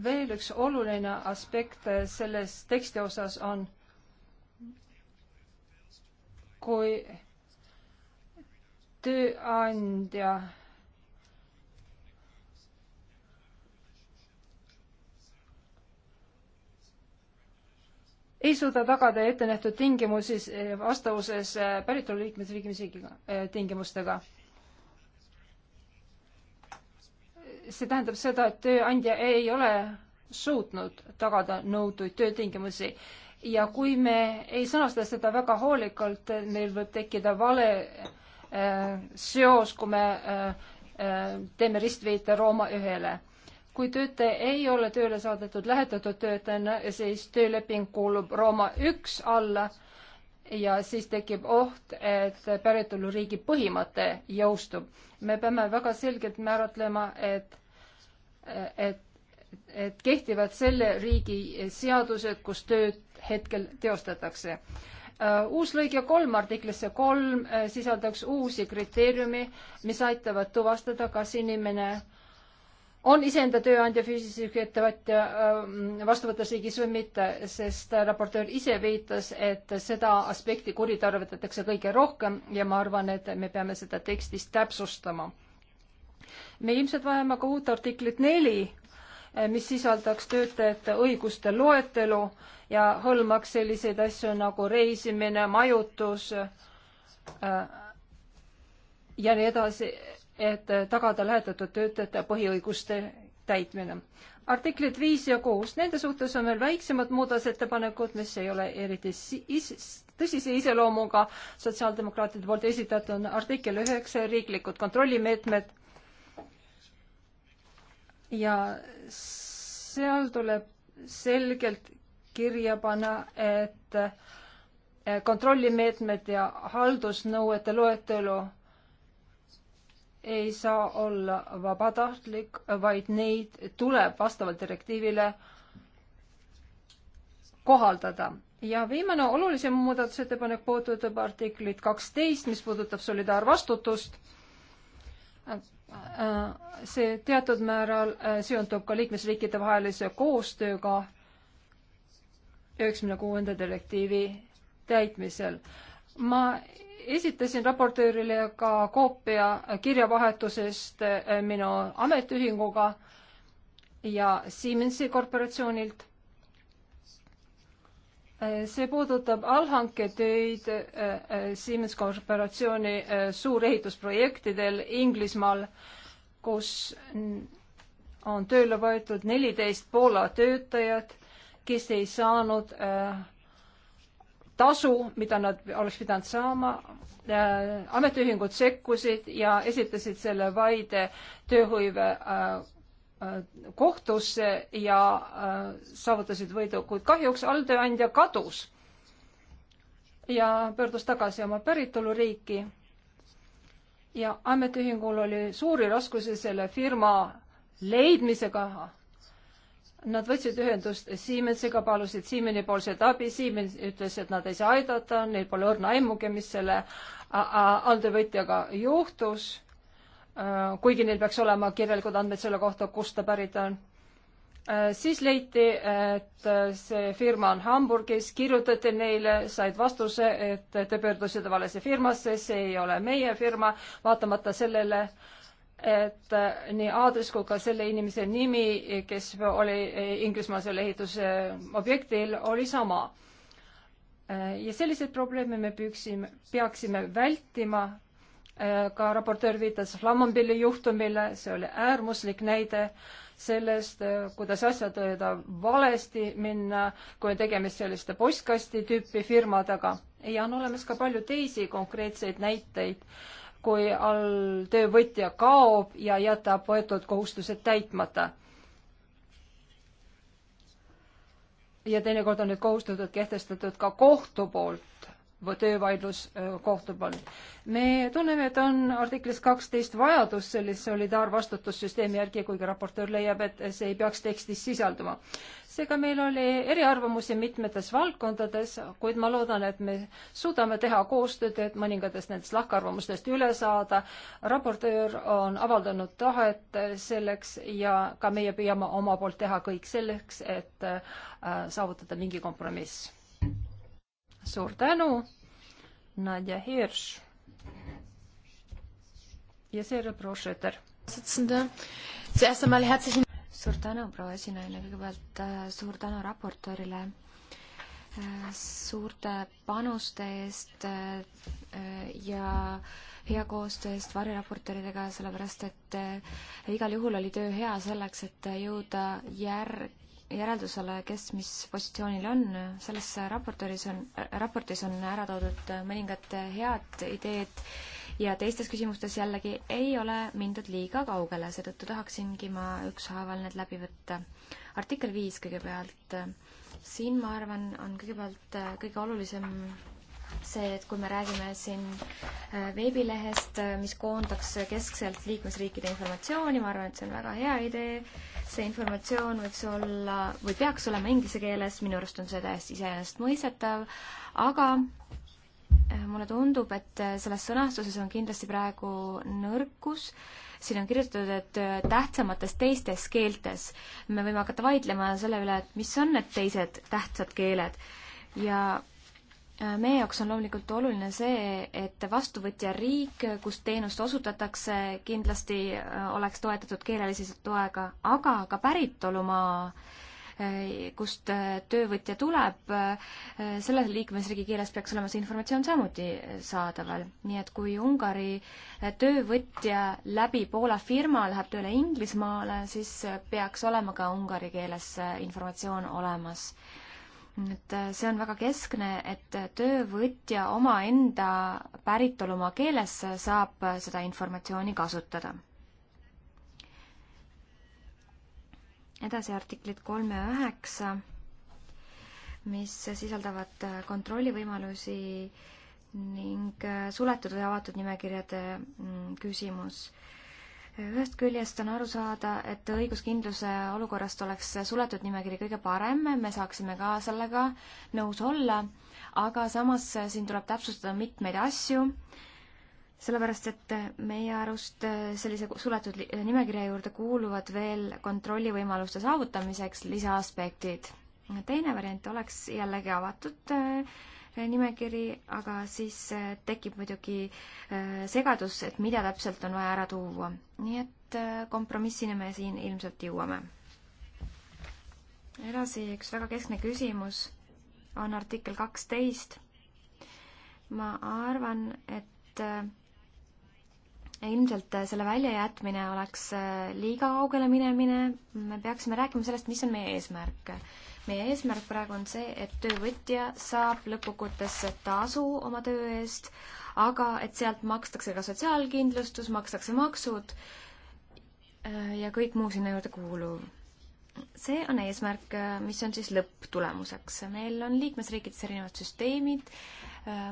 veel üks oluline aspekt selles teksti osas on, kui tööandja ei suuda tagada ettenähtud tingimusi eh, vastavuses eh, päritolu liikmesriigi eh, tingimustega. see tähendab seda, et tööandja ei ole suutnud tagada nõutuid töötingimusi ja kui me ei sõnasta seda väga hoolikalt, meil võib tekkida vale äh, seos, kui me äh, teeme ristviite Rooma ühele kui töötaja ei ole tööle saadetud lähetatud töötajana, siis tööleping kuulub Rooma üks alla ja siis tekib oht, et päritoluriigi põhimõte jõustub. me peame väga selgelt määratlema, et, et, et kehtivad selle riigi seadused, kus tööd hetkel teostatakse uus lõige kolm artiklisse kolm sisaldaks uusi kriteeriumi, mis aitavad tuvastada, kas inimene äh, on iseenda tööandja füüsilise ettevõtja ähm, vastuvõttes riigis või mitte, sest raportöör ise viitas, et seda aspekti kuritarvitatakse kõige rohkem ja ma arvan, et me peame seda tekstis täpsustama. me ilmselt vajame ka uut artiklit neli, äh, mis sisaldaks töötajate õiguste loetelu ja hõlmaks selliseid asju nagu reisimine, majutus äh, ja nii edasi et tagada lähetatud töötajate põhiõiguste täitmine. artiklid viis ja kuus, nende suhtes on veel väiksemad muudatusettepanekud, mis ei ole eriti is-, tõsise iseloomuga sotsiaaldemokraatide poolt esitatud on artikkel üheksa, riiklikud kontrollimeetmed. ja seal tuleb selgelt kirja panna, et kontrollimeetmed ja haldusnõuete loetelu ei saa olla vabatahtlik, vaid neid tuleb vastavalt direktiivile kohaldada. ja viimane olulisem muudatusettepanek puudutab artiklit kaksteist, mis puudutab solidaarvastutust. see teatud määral äh, seondub ka liikmesriikide vahelise koostööga üheksakümne kuuenda direktiivi täitmisel. ma esitasin raportöörile ka koopia kirjavahetusest eh, minu ametiühinguga ja Siemensi korporatsioonilt. Eh, see puudutab allhanketöid eh, Siemens korporatsiooni suurehitusprojektidel Inglismaal, kus on tööle võetud neliteist Poola töötajat, kes ei saanud tasu, mida nad oleks pidanud saama. Äh, ametiühingud sekkusid ja esitasid selle vaide tööhõive äh, äh, kohtusse ja saavutasid võidu, kuid kahjuks alltööandja kadus ja pöördus tagasi oma päritoluriiki. ja ametiühingul oli suuri raskusi selle firma leidmisega, Nad võtsid ühendust Siemensiga, palusid Siemeni poolset abi, Siemens ütles, et nad ei saa aidata, neil pole õrna aimugi, mis selle alltöövõtjaga juhtus, äh, kuigi neil peaks olema kirjalikud andmed selle kohta, kust ta pärit on äh, siis leiti, et äh, see firma on Hamburgis, kirjutati neile, said vastuse, et te pöördusite valesse firmasse, see ei ole meie firma, vaatamata sellele äh, et eh, nii aadress kui ka selle inimese nimi, kes oli eh, Inglismaa selle ehituse eh, objektil, oli sama. ja selliseid probleeme me püüksime, peaksime vältima. ka raportöör viitas Flammambili juhtumile, see oli äärmuslik näide sellest, kuidas asjad võivad valesti minna, kui on tegemist selliste postkasti tüüpi firmadega ja on olemas ka palju teisi konkreetseid näiteid kui alltöövõtja kaob ja jätab võetud kohustused täitmata. ja teinekord on need kohustused kehtestatud ka kohtu poolt või töövaidlus kohtu poolt. me tunneme, et on artiklis kaksteist vajadus sellise solidaarvastutussüsteemi järgi, kuigi raportöör leiab, et see ei peaks tekstis sisalduma seega meil oli eriarvamusi mitmetes valdkondades, kuid ma loodan, et me suudame teha koostööd, et mõningatest nendest lahkarvamustest üle saada. raportöör on avaldanud tahet selleks ja ka meie püüame oma poolt teha kõik selleks, et äh, saavutada mingi kompromiss. suur tänu, Nadja Hirš ja seejärel proua Schröter. Zuerst einmal herzlichen suur tänu, proua esinaine, kõigepealt äh, suur tänu raportöörile äh, suurte panuste eest äh, ja hea koostöö eest variraportööridega, sellepärast et igal juhul oli töö hea selleks, et jõuda järg, järeldusele, kes mis positsioonil on. selles raportööris on, raportis on ära toodud mõningad head ideed ja teistes küsimustes jällegi ei ole mindud liiga kaugele, seetõttu tahaksingi ma ükshaaval need läbi võtta. artikkel viis kõigepealt, siin ma arvan, on kõigepealt äh, kõige olulisem see, et kui me räägime siin äh, veebilehest, äh, mis koondaks keskselt liikmesriikide informatsiooni, ma arvan, et see on väga hea idee, see informatsioon võiks olla või peaks olema inglise keeles, minu arust on see täiesti iseenesestmõistetav, aga Äh, mulle tundub, et äh, selles sõnastuses on kindlasti praegu nõrkus, siin on kirjutatud, et äh, tähtsamates teistes keeltes. me võime hakata vaidlema selle üle, et mis on need teised tähtsad keeled ja meie jaoks on loomulikult oluline see, et vastuvõtja riik, kus teenust osutatakse, kindlasti oleks toetatud keelelise toega, aga ka päritolumaa äh, Äh, kust äh, töövõtja tuleb, äh, selle liikmesriigi keeles peaks olema see informatsioon samuti saadaval. nii et kui Ungari töövõtja läbi Poola firma läheb tööle Inglismaale, siis peaks olema ka ungari keeles informatsioon olemas et see on väga keskne, et töövõtja omaenda päritolumaa keeles saab seda informatsiooni kasutada edasi artiklid kolm ja üheksa, mis sisaldavad äh, kontrollivõimalusi ning äh, suletud või avatud nimekirjade mm, küsimus. ühest küljest on aru saada, et õiguskindluse olukorrast oleks suletud nimekiri kõige parem, me saaksime ka sellega nõus olla, aga samas äh, siin tuleb täpsustada mitmeid asju sellepärast, et meie arust sellise suletud nimekirja juurde kuuluvad veel kontrollivõimaluste saavutamiseks lisaaspektid. teine variant oleks jällegi avatud äh, nimekiri, aga siis äh, tekib muidugi äh, segadus, et mida täpselt on vaja ära tuua. nii et kompromissini me siin ilmselt jõuame. edasi üks väga keskne küsimus on artikkel kaksteist. ma arvan, et ilmselt äh, selle väljajätmine oleks äh, liiga kaugele minemine, me peaksime rääkima sellest, mis on meie eesmärk. meie eesmärk praegu on see, et töövõtja saab lõppkokkuvõttes tasu oma töö eest, aga et sealt makstakse ka sotsiaalkindlustus, makstakse maksud äh, ja kõik muu sinna juurde kuuluv. see on eesmärk, mis on siis lõpptulemuseks. meil on liikmesriikides erinevad süsteemid,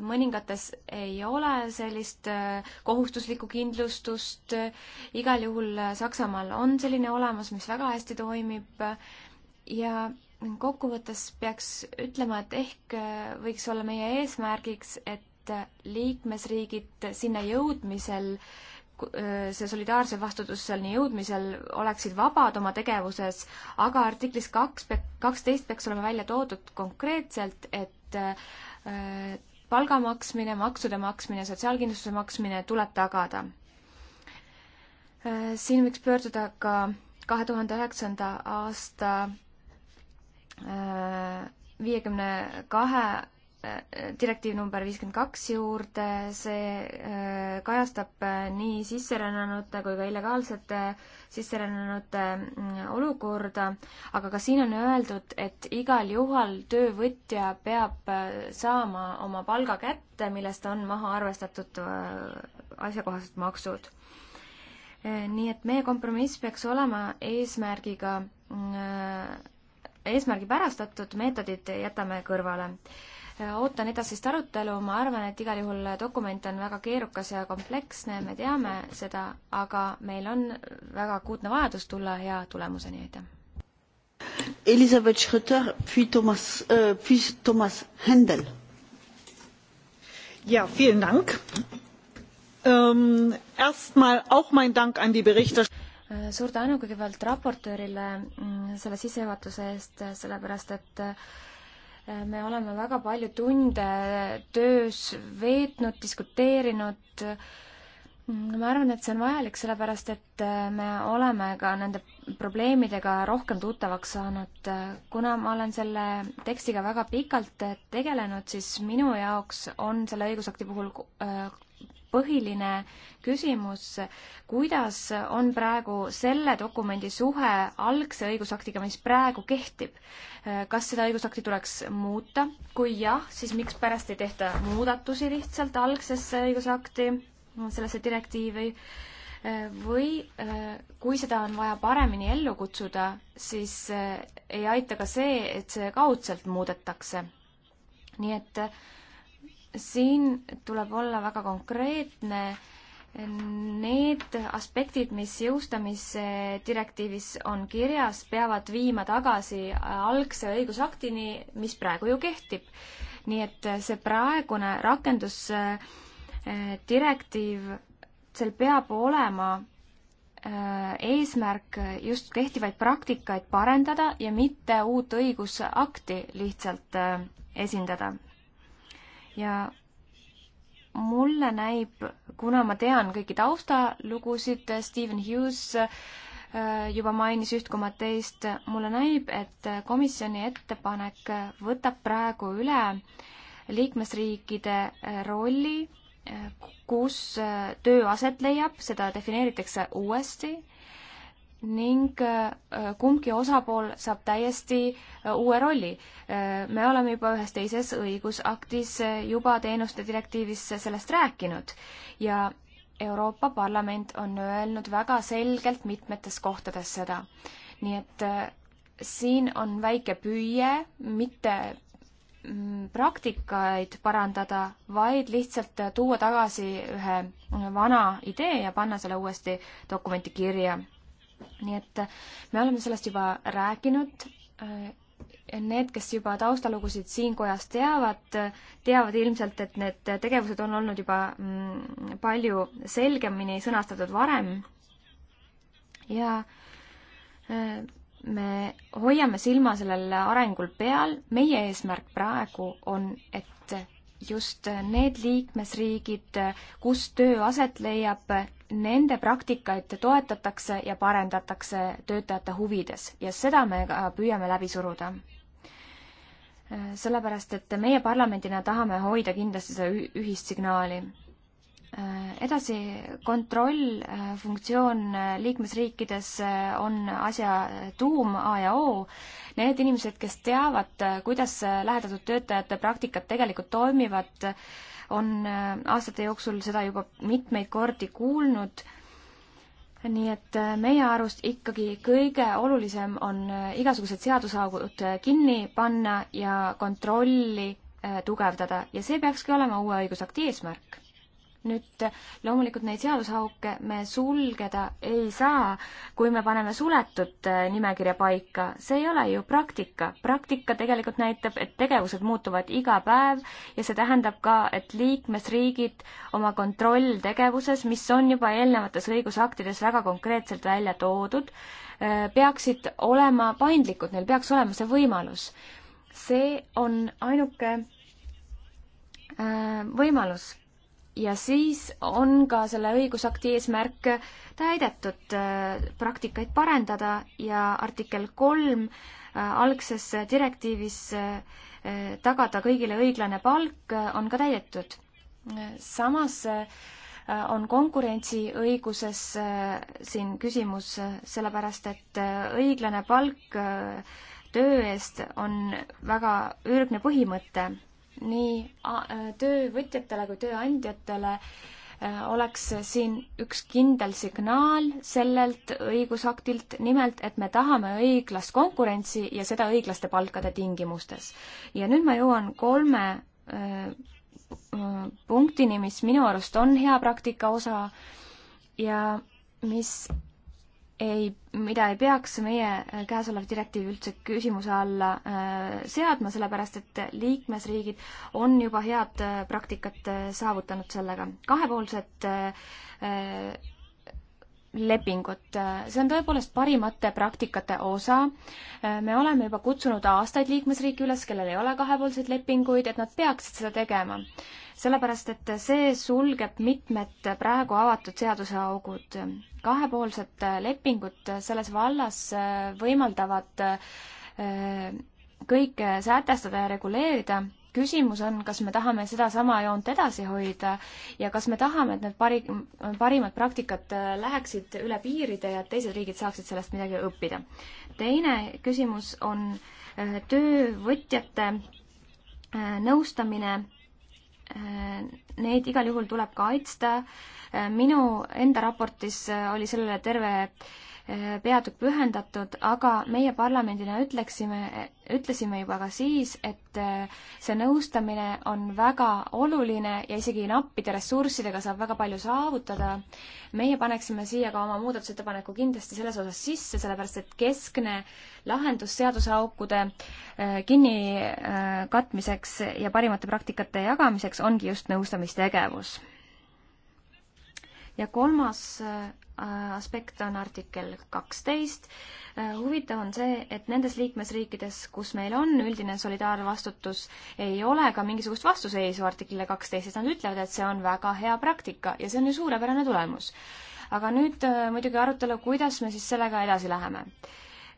mõningates ei ole sellist äh, kohustuslikku kindlustust, igal juhul äh, Saksamaal on selline olemas, mis väga hästi toimib ja kokkuvõttes peaks ütlema, et ehk äh, võiks olla meie eesmärgiks, et liikmesriigid sinna jõudmisel see solidaarse vastutuseni jõudmisel oleksid vabad oma tegevuses, aga artiklis kaks, kaksteist peaks olema välja toodud konkreetselt, et palga maksmine, maksude maksmine, sotsiaalkindlustuse maksmine tuleb tagada. Äh, siin võiks pöörduda ka kahe tuhande üheksanda aasta äh, viiekümne kahe Äh, direktiiv number viiskümmend kaks juurde, see äh, kajastab äh, nii sisserännanute kui ka illegaalsete sisserännanute mm, olukorda, aga ka siin on öeldud, et igal juhul töövõtja peab saama oma palga kätte, millest on maha arvestatud asjakohased maksud. nii et meie kompromiss peaks olema eesmärgiga, mm, eesmärgipärastatud meetodid jätame kõrvale ootan edasist arutelu, ma arvan, et igal juhul dokument on väga keerukas ja kompleksne, me teame seda, aga meil on väga akuutne vajadus tulla hea tulemuseni, aitäh. Elizabeth Schröter, puis Thomas äh,, puis Thomas Händel. ja, vielen Dank ähm,. Erstmal auch mein Dank an die Berichterstatter äh, suur tänu kõigepealt raportöörile mm, selle sissejuhatuse eest, sellepärast et äh, me oleme väga palju tunde töös veetnud, diskuteerinud. ma arvan, et see on vajalik, sellepärast et me oleme ka nende probleemidega rohkem tuttavaks saanud. kuna ma olen selle tekstiga väga pikalt tegelenud, siis minu jaoks on selle õigusakti puhul põhiline küsimus, kuidas on praegu selle dokumendi suhe algse õigusaktiga, mis praegu kehtib? kas seda õigusakti tuleks muuta, kui jah, siis mikspärast ei tehta muudatusi lihtsalt algsesse õigusakti, sellesse direktiivi, või kui seda on vaja paremini ellu kutsuda, siis ei aita ka see, et see kaudselt muudetakse. nii et äh, siin tuleb olla väga konkreetne. Need aspektid, mis jõustamisdirektiivis on kirjas, peavad viima tagasi algse õigusaktini, mis praegu ju kehtib. nii et see praegune rakendusdirektiiv, seal peab olema äh, eesmärk just kehtivaid praktikaid parendada ja mitte uut õigusakti lihtsalt äh, esindada ja mulle näib, kuna ma tean kõiki taustalugusid, Steven Hughes äh, juba mainis üht koma teist, mulle näib, et komisjoni ettepanek võtab praegu üle liikmesriikide äh, rolli, äh, kus töö aset leiab, seda defineeritakse uuesti ning äh, kumbki osapool saab täiesti äh, uue rolli. Äh, me oleme juba ühes teises õigusaktis juba teenuste direktiivis sellest rääkinud ja Euroopa Parlament on öelnud väga selgelt mitmetes kohtades seda. nii et siin on väike püüe mitte mm, praktikaid parandada, vaid lihtsalt tuua tagasi ühe vana idee ja panna selle uuesti dokumenti kirja nii et äh, me oleme sellest juba rääkinud. Äh, need, kes juba taustalugusid siin kojas teavad, äh, teavad ilmselt, et need tegevused on olnud juba mm, palju selgemini sõnastatud varem. ja me hoiame silma sellel arengul peal. meie eesmärk praegu on, et just äh, need liikmesriigid, äh, kus töö aset leiab, nende praktikaid toetatakse ja parendatakse töötajate huvides ja seda me ka püüame läbi suruda. Äh, sellepärast, et meie parlamendina tahame hoida kindlasti seda ühist signaali Äh, edasi, kontrollfunktsioon äh, äh, liikmesriikides on asja tuum, A ja O. Need inimesed, kes teavad, kuidas lähedatud töötajate praktikad tegelikult toimivad, on aastate jooksul seda juba mitmeid kordi kuulnud. nii et meie arust ikkagi kõige olulisem on igasugused seadusaugud kinni panna ja kontrolli tugevdada ja see peakski olema uue õigusakti eesmärk nüüd loomulikult neid seadusauke me sulgeda ei saa, kui me paneme suletud äh, nimekirja paika. see ei ole ju praktika. praktika tegelikult näitab, et tegevused muutuvad iga päev ja see tähendab ka, et liikmesriigid oma kontrolltegevuses, mis on juba eelnevates õigusaktides väga konkreetselt välja toodud, äh, peaksid olema paindlikud, neil peaks olema see võimalus. see on ainuke äh, võimalus ja siis on ka selle õigusakti eesmärk täidetud, äh, praktikaid parendada ja artikkel kolm äh, algses direktiivis äh, tagada kõigile õiglane palk on ka täidetud. samas on konkurentsiõiguses siin küsimus, sellepärast et õiglane palk töö eest on väga ürgne põhimõte nii äh, töövõtjatele kui tööandjatele äh, oleks siin üks kindel signaal sellelt õigusaktilt, nimelt et me tahame õiglast konkurentsi ja seda õiglaste palkade tingimustes. ja nüüd ma jõuan kolme äh, punktini, mis minu arust on hea praktika osa ja mis ei, mida ei peaks meie käesolev direktiiv üldse küsimuse alla äh, seadma, sellepärast et liikmesriigid on juba head äh, praktikat äh, saavutanud sellega. kahepoolsed lepingut. see on tõepoolest parimate praktikate osa. me oleme juba kutsunud aastaid liikmesriike üles, kellel ei ole kahepoolseid lepinguid, et nad peaksid seda tegema. sellepärast, et see sulgeb mitmed praegu avatud seaduseaugud kahepoolsed äh, lepingud äh, selles vallas äh, võimaldavad kõike sätestada ja reguleerida. küsimus on, kas me tahame sedasama joont edasi hoida ja kas me tahame, et need pari-, parimad praktikad läheksid üle piiride ja teised riigid saaksid sellest midagi õppida. teine küsimus on töövõtjate nõustamine Neid igal juhul tuleb kaitsta. minu enda raportis oli sellele terve peatükk pühendatud, aga meie parlamendina ütleksime, ütlesime juba ka siis, et äh, see nõustamine on väga oluline ja isegi nappide ressurssidega saab väga palju saavutada. meie paneksime siia ka oma muudatusettepaneku kindlasti selles osas sisse, sellepärast et keskne lahendus seaduseaukude äh, kinnikatmiseks äh, ja parimate praktikate jagamiseks ongi just nõustamistegevus ja kolmas aspekt on artikkel kaksteist. huvitav on see, et nendes liikmesriikides, kus meil on üldine solidaarvastutus, ei ole ka mingisugust vastuseisu artiklile kaksteist, sest nad ütlevad, et see on väga hea praktika ja see on ju suurepärane tulemus. aga nüüd äh, muidugi arutelu, kuidas me siis sellega edasi läheme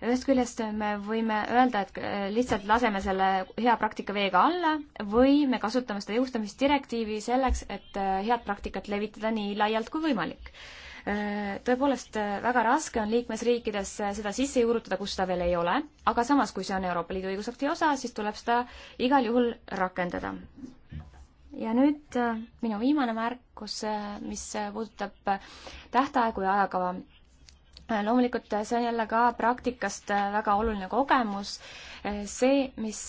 ühest küljest me võime öelda, et äh, lihtsalt laseme selle hea praktika veega alla või me kasutame seda jõustamisdirektiivi selleks, et äh, head praktikat levitada nii laialt kui võimalik tõepoolest äh, väga raske on liikmesriikides äh, seda sisse juurutada, kus seda veel ei ole, aga samas, kui see on Euroopa Liidu õigusakti osa, siis tuleb seda igal juhul rakendada. ja nüüd äh, minu viimane märkus, mis puudutab tähtaegu ja ajakava loomulikult see on jälle ka praktikast väga oluline kogemus. see, mis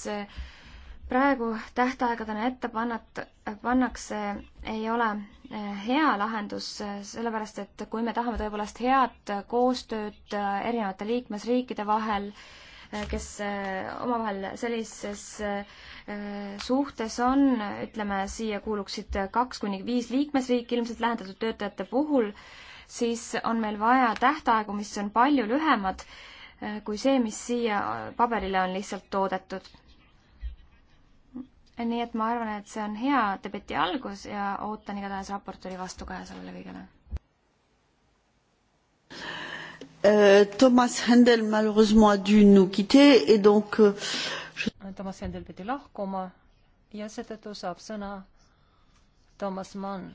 praegu tähtaegadena ette pannat-, pannakse, ei ole Eh, hea lahendus, eh, sellepärast et kui me tahame tõepoolest head eh, koostööd erinevate liikmesriikide vahel, kes omavahel sellises suhtes on, ütleme, siia kuuluksid kaks kuni viis liikmesriiki ilmselt lähendatud töötajate puhul, siis on meil vaja tähtaegu, mis on palju lühemad kui see, mis siia paberile on lihtsalt toodetud nii et ma arvan, et see on hea debati algus ja ootan igatahes raportööri vastukaja sellele kõigele. Euh, Thomas Händel malheureusement a dû nous quitter et donc euh, je... Thomas Händel pidi lahkuma ja seetõttu saab sõna Thomas Mann.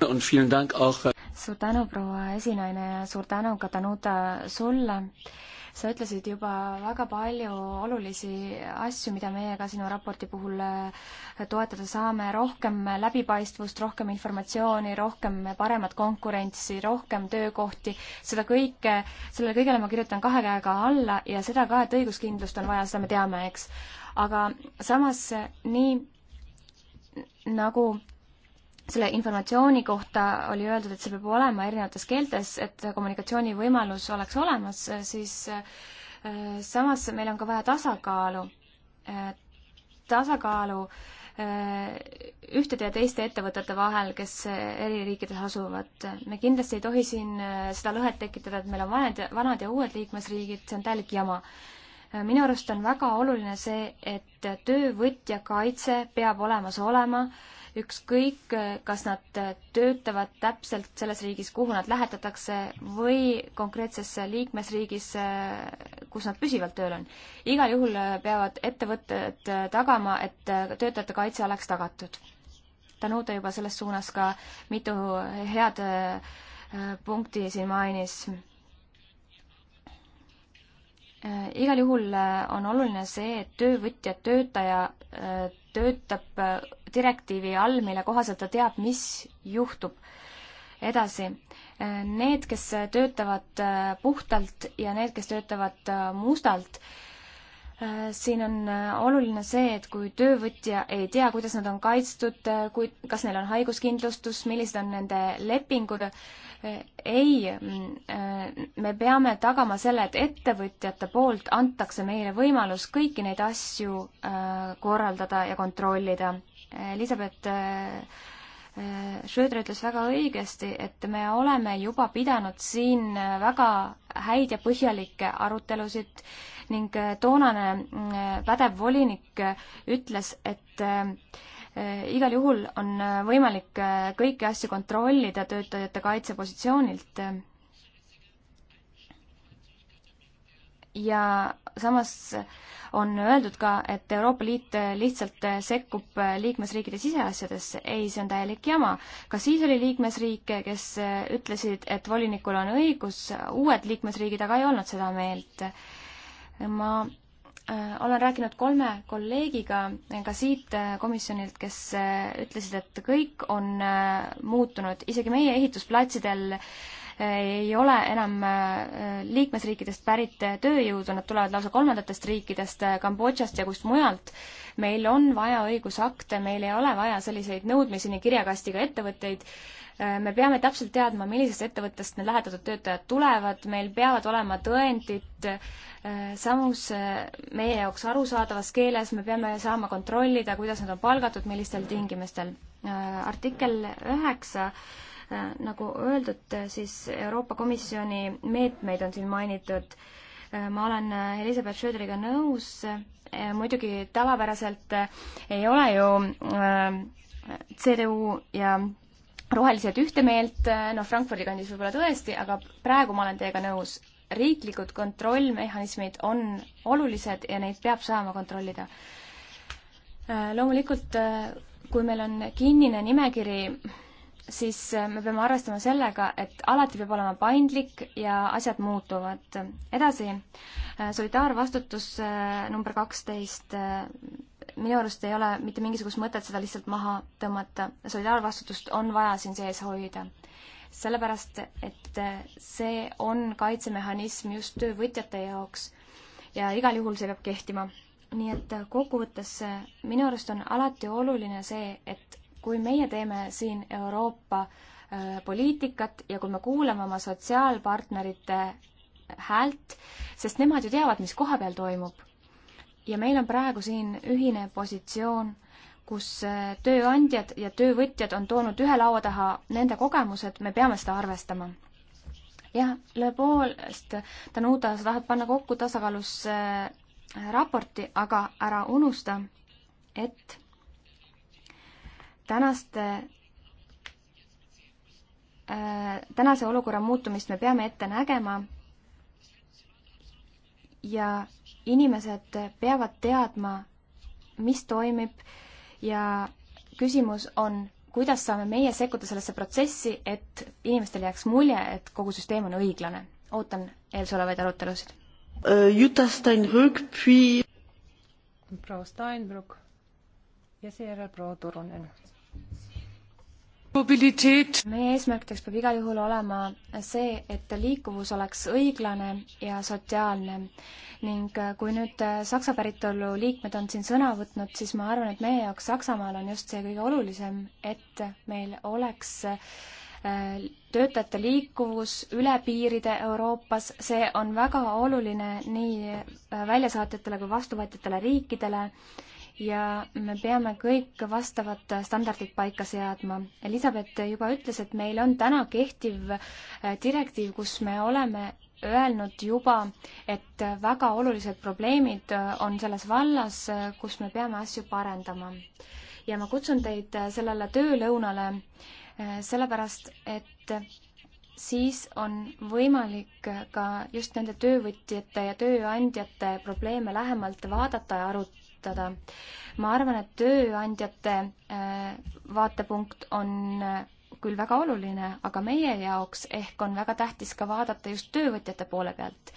Und vielen Dank auch... Äh, suur tänu, proua esinaine ja suur tänu ka Danuta sulle äh, sa ütlesid juba väga palju olulisi asju, mida meie ka sinu raporti puhul äh, toetada saame, rohkem läbipaistvust, rohkem informatsiooni, rohkem paremat konkurentsi, rohkem töökohti, seda kõike, sellele kõigele ma kirjutan kahe käega alla ja seda ka, et õiguskindlust on vaja, seda me teame, eks. aga samas äh, nii nagu selle informatsiooni kohta oli öeldud, et see peab olema erinevates keeltes, et kommunikatsioonivõimalus oleks olemas, siis äh, samas meil on ka vaja tasakaalu, äh, tasakaalu äh, ühtede ja teiste ettevõtete vahel, kes eri riikides asuvad. me kindlasti ei tohi siin seda lõhet tekitada, et meil on vanad, vanad ja uued liikmesriigid, see on täielik jama. minu arust on väga oluline see, et töövõtja kaitse peab olemas olema, olema ükskõik, kas nad töötavad täpselt selles riigis, kuhu nad lähetatakse või konkreetses liikmesriigis, kus nad püsivalt tööl on. igal juhul peavad ettevõtted tagama, et töötajate kaitse oleks tagatud. Danuta juba selles suunas ka mitu head äh, punkti siin mainis äh, igal juhul äh, on oluline see, et töövõtja, töötaja töötab äh, direktiivi all, mille kohaselt ta teab, mis juhtub edasi. Äh, need, kes töötavad äh, puhtalt ja need, kes töötavad mustalt, siin on oluline see, et kui töövõtja ei tea, kuidas nad on kaitstud, kui, kas neil on haiguskindlustus, millised on nende lepingud, ei, mm, me peame tagama selle, et ettevõtjate poolt antakse meile võimalus kõiki neid asju äh, korraldada ja kontrollida. Elizabeth äh, äh, Schröder ütles väga õigesti, et me oleme juba pidanud siin väga häid ja põhjalikke arutelusid ning toonane mm, pädev volinik ütles, et Eh, igal juhul on eh, võimalik eh, kõiki asju kontrollida töötajate kaitsepositsioonilt. ja samas on öeldud ka, et Euroopa Liit lihtsalt sekkub liikmesriikide siseasjadesse. ei, see on täielik jama. ka siis oli liikmesriike, kes ütlesid, et volinikul on õigus, uued liikmesriigid aga ei olnud seda meelt. ma Äh, olen rääkinud kolme kolleegiga äh, ka siit äh, komisjonilt, kes ütlesid, et kõik on muutunud, isegi meie ehitusplatsidel ei ole enam äh, liikmesriikidest pärit tööjõudu, nad tulevad lausa kolmandatest riikidest, äh, Kambodžast ja kust mujalt. meil on vaja õigusakte, meil ei ole vaja selliseid nõudmisi nii kirjakastiga ettevõtteid, äh, me peame täpselt teadma, millisest ettevõttest need lähetatud töötajad tulevad, meil peavad olema tõendid samus meie jaoks arusaadavas keeles, me peame saama kontrollida, kuidas nad on palgatud, millistel tingimustel. artikkel üheksa 9 Äh, nagu öeldud, äh, siis Euroopa Komisjoni meetmeid on siin mainitud. Äh, ma olen Elizabeth Schröderiga nõus, muidugi tavapäraselt ei ole ju CDU ja rohelised ühte meelt, noh, Frankfurdi kandis võib-olla tõesti, aga praegu ma olen teiega nõus, riiklikud kontrollmehhanismid on olulised ja neid peab saama kontrollida. loomulikult, kui meil on kinnine nimekiri siis äh, me peame arvestama sellega, et alati peab olema paindlik ja asjad muutuvad. edasi, äh, solidaarvastutus äh, number kaksteist, minu arust ei ole mitte mingisugust mõtet seda lihtsalt maha tõmmata, solidaarvastutust on vaja siin sees hoida. sellepärast, et see on kaitsemehhanism just töövõtjate jaoks ja igal juhul see peab kehtima nii et kokkuvõttes minu arust on alati oluline see, et kui meie teeme siin Euroopa äh, poliitikat ja kui me kuulame oma sotsiaalpartnerite häält, sest nemad ju teavad, mis koha peal toimub. ja meil on praegu siin ühine positsioon, kus äh, tööandjad ja töövõtjad on toonud ühe laua taha nende kogemused, me peame seda arvestama. jah, tõepoolest, Danuta, sa tahad panna kokku tasakaalus äh, raporti, aga ära unusta, et tänaste äh, tänase olukorra muutumist me peame ette nägema ja inimesed peavad teadma, mis toimib ja küsimus on, kuidas saame meie sekkuda sellesse protsessi, et inimestele jääks mulje, et kogu süsteem on õiglane. ootan eelsolevaid arutelusid. Äh, Jutta Steinbrück, puis proua Steinbrück ja seejärel proua Turunen mobiliteet. meie eesmärkideks peab igal juhul olema see, et liikuvus oleks õiglane ja sotsiaalne. ning äh, kui nüüd äh, Saksa päritolu liikmed on siin sõna võtnud, siis ma arvan, et meie jaoks Saksamaal on just see kõige olulisem, et meil oleks äh, töötajate liikuvus üle piiride Euroopas, see on väga oluline nii väljasaatjatele kui vastuvõtjatele riikidele ja me peame kõik vastavad standardid paika seadma. Elizabeth juba ütles, et meil on täna kehtiv äh, direktiiv, kus me oleme öelnud juba, et väga olulised probleemid äh, on selles vallas, äh, kus me peame asju parendama. ja ma kutsun teid sellele töölõunale, sellepärast et siis on võimalik ka just nende töövõtjate ja tööandjate probleeme lähemalt vaadata ja arutada. ma arvan, et tööandjate äh, vaatepunkt on äh, küll väga oluline, aga meie jaoks ehk on väga tähtis ka vaadata just töövõtjate poole pealt.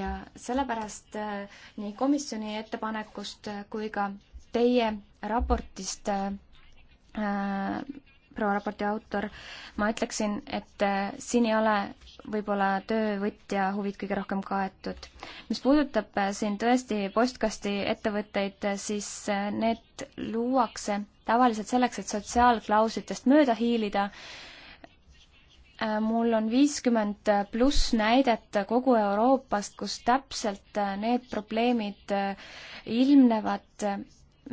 ja sellepärast äh, nii komisjoni ettepanekust kui ka teie raportist proua raporti autor, ma ütleksin, et äh, siin ei ole võib-olla töövõtja huvid kõige rohkem kaetud. mis puudutab äh, siin tõesti postkasti ettevõtteid, äh, siis need luuakse tavaliselt selleks, et sotsiaalklauslitest mööda hiilida. mul on viiskümmend pluss näidet kogu Euroopast, kus täpselt need probleemid ilmnevad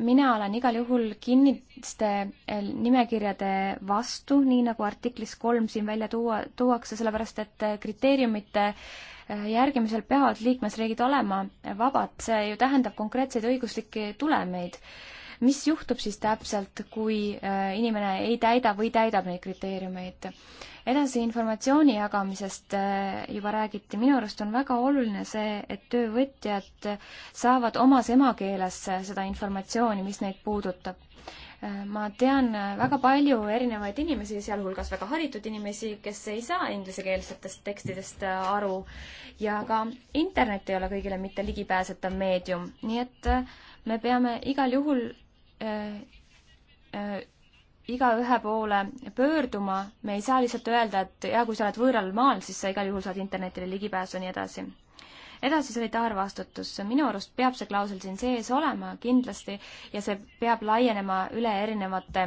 mina olen igal juhul kinniste eh, nimekirjade vastu, nii nagu artiklis kolm siin välja tuua, tuuakse, sellepärast et eh, kriteeriumite eh, järgimisel peavad liikmesriigid olema vabad, see ju tähendab konkreetseid õiguslikke tulemeid. mis juhtub siis täpselt, kui inimene ei täida või täidab neid kriteeriumeid? edasi informatsiooni jagamisest äh, juba räägiti, minu arust on väga oluline see, et töövõtjad saavad omas emakeeles seda informatsiooni, mis neid puudutab. Äh, ma tean äh, väga palju erinevaid inimesi, sealhulgas väga haritud inimesi, kes ei saa inglisekeelsetest tekstidest aru ja ka internet ei ole kõigile mitte ligipääsetav meedium, nii et me peame igal juhul igaühe poole pöörduma, me ei saa lihtsalt öelda, et ja kui sa oled võõral maal, siis sa igal juhul saad internetile ligipääsu ja nii edasi. edasi solidaarvastutus, minu arust peab see klausel siin sees olema kindlasti ja see peab laienema üle erinevate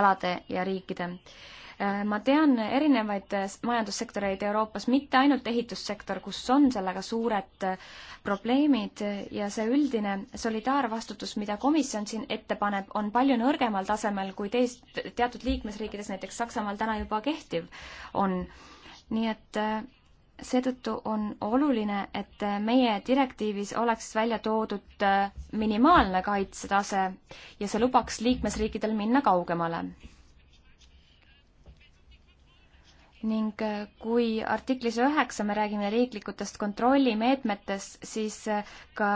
alade ja riikide äh, Äh, ma tean erinevaid äh, majandussektoreid Euroopas, mitte ainult ehitussektor, kus on sellega suured äh, probleemid ja see üldine solidaarvastutus, mida komisjon siin ette paneb, on palju nõrgemal tasemel kui teis-, teatud liikmesriikides, näiteks Saksamaal täna juba kehtiv on. nii et seetõttu on oluline, et meie direktiivis oleks välja toodud minimaalne kaitsetase ja see lubaks liikmesriikidel minna kaugemale ning äh, kui artiklis üheksa me räägime riiklikutest kontrollimeetmetest, siis äh, ka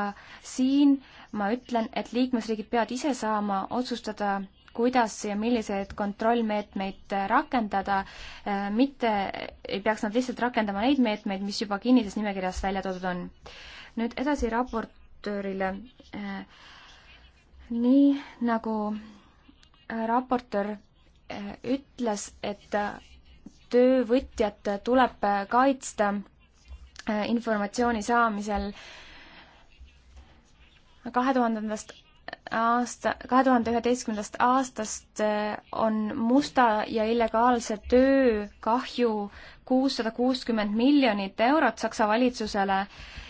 siin ma ütlen, et liikmesriigid peavad ise saama otsustada, kuidas ja milliseid kontrollmeetmeid äh, rakendada, mitte ei peaks nad lihtsalt rakendama neid meetmeid, mis juba kinnises nimekirjas välja toodud on. nüüd edasi raportöörile. nii nagu raportöör ütles, et töövõtjat tuleb kaitsta äh, informatsiooni saamisel. kahe tuhandendast aasta, kahe tuhande üheteistkümnendast aastast äh, on musta ja illegaalse töö kahju kuussada kuuskümmend miljonit eurot Saksa valitsusele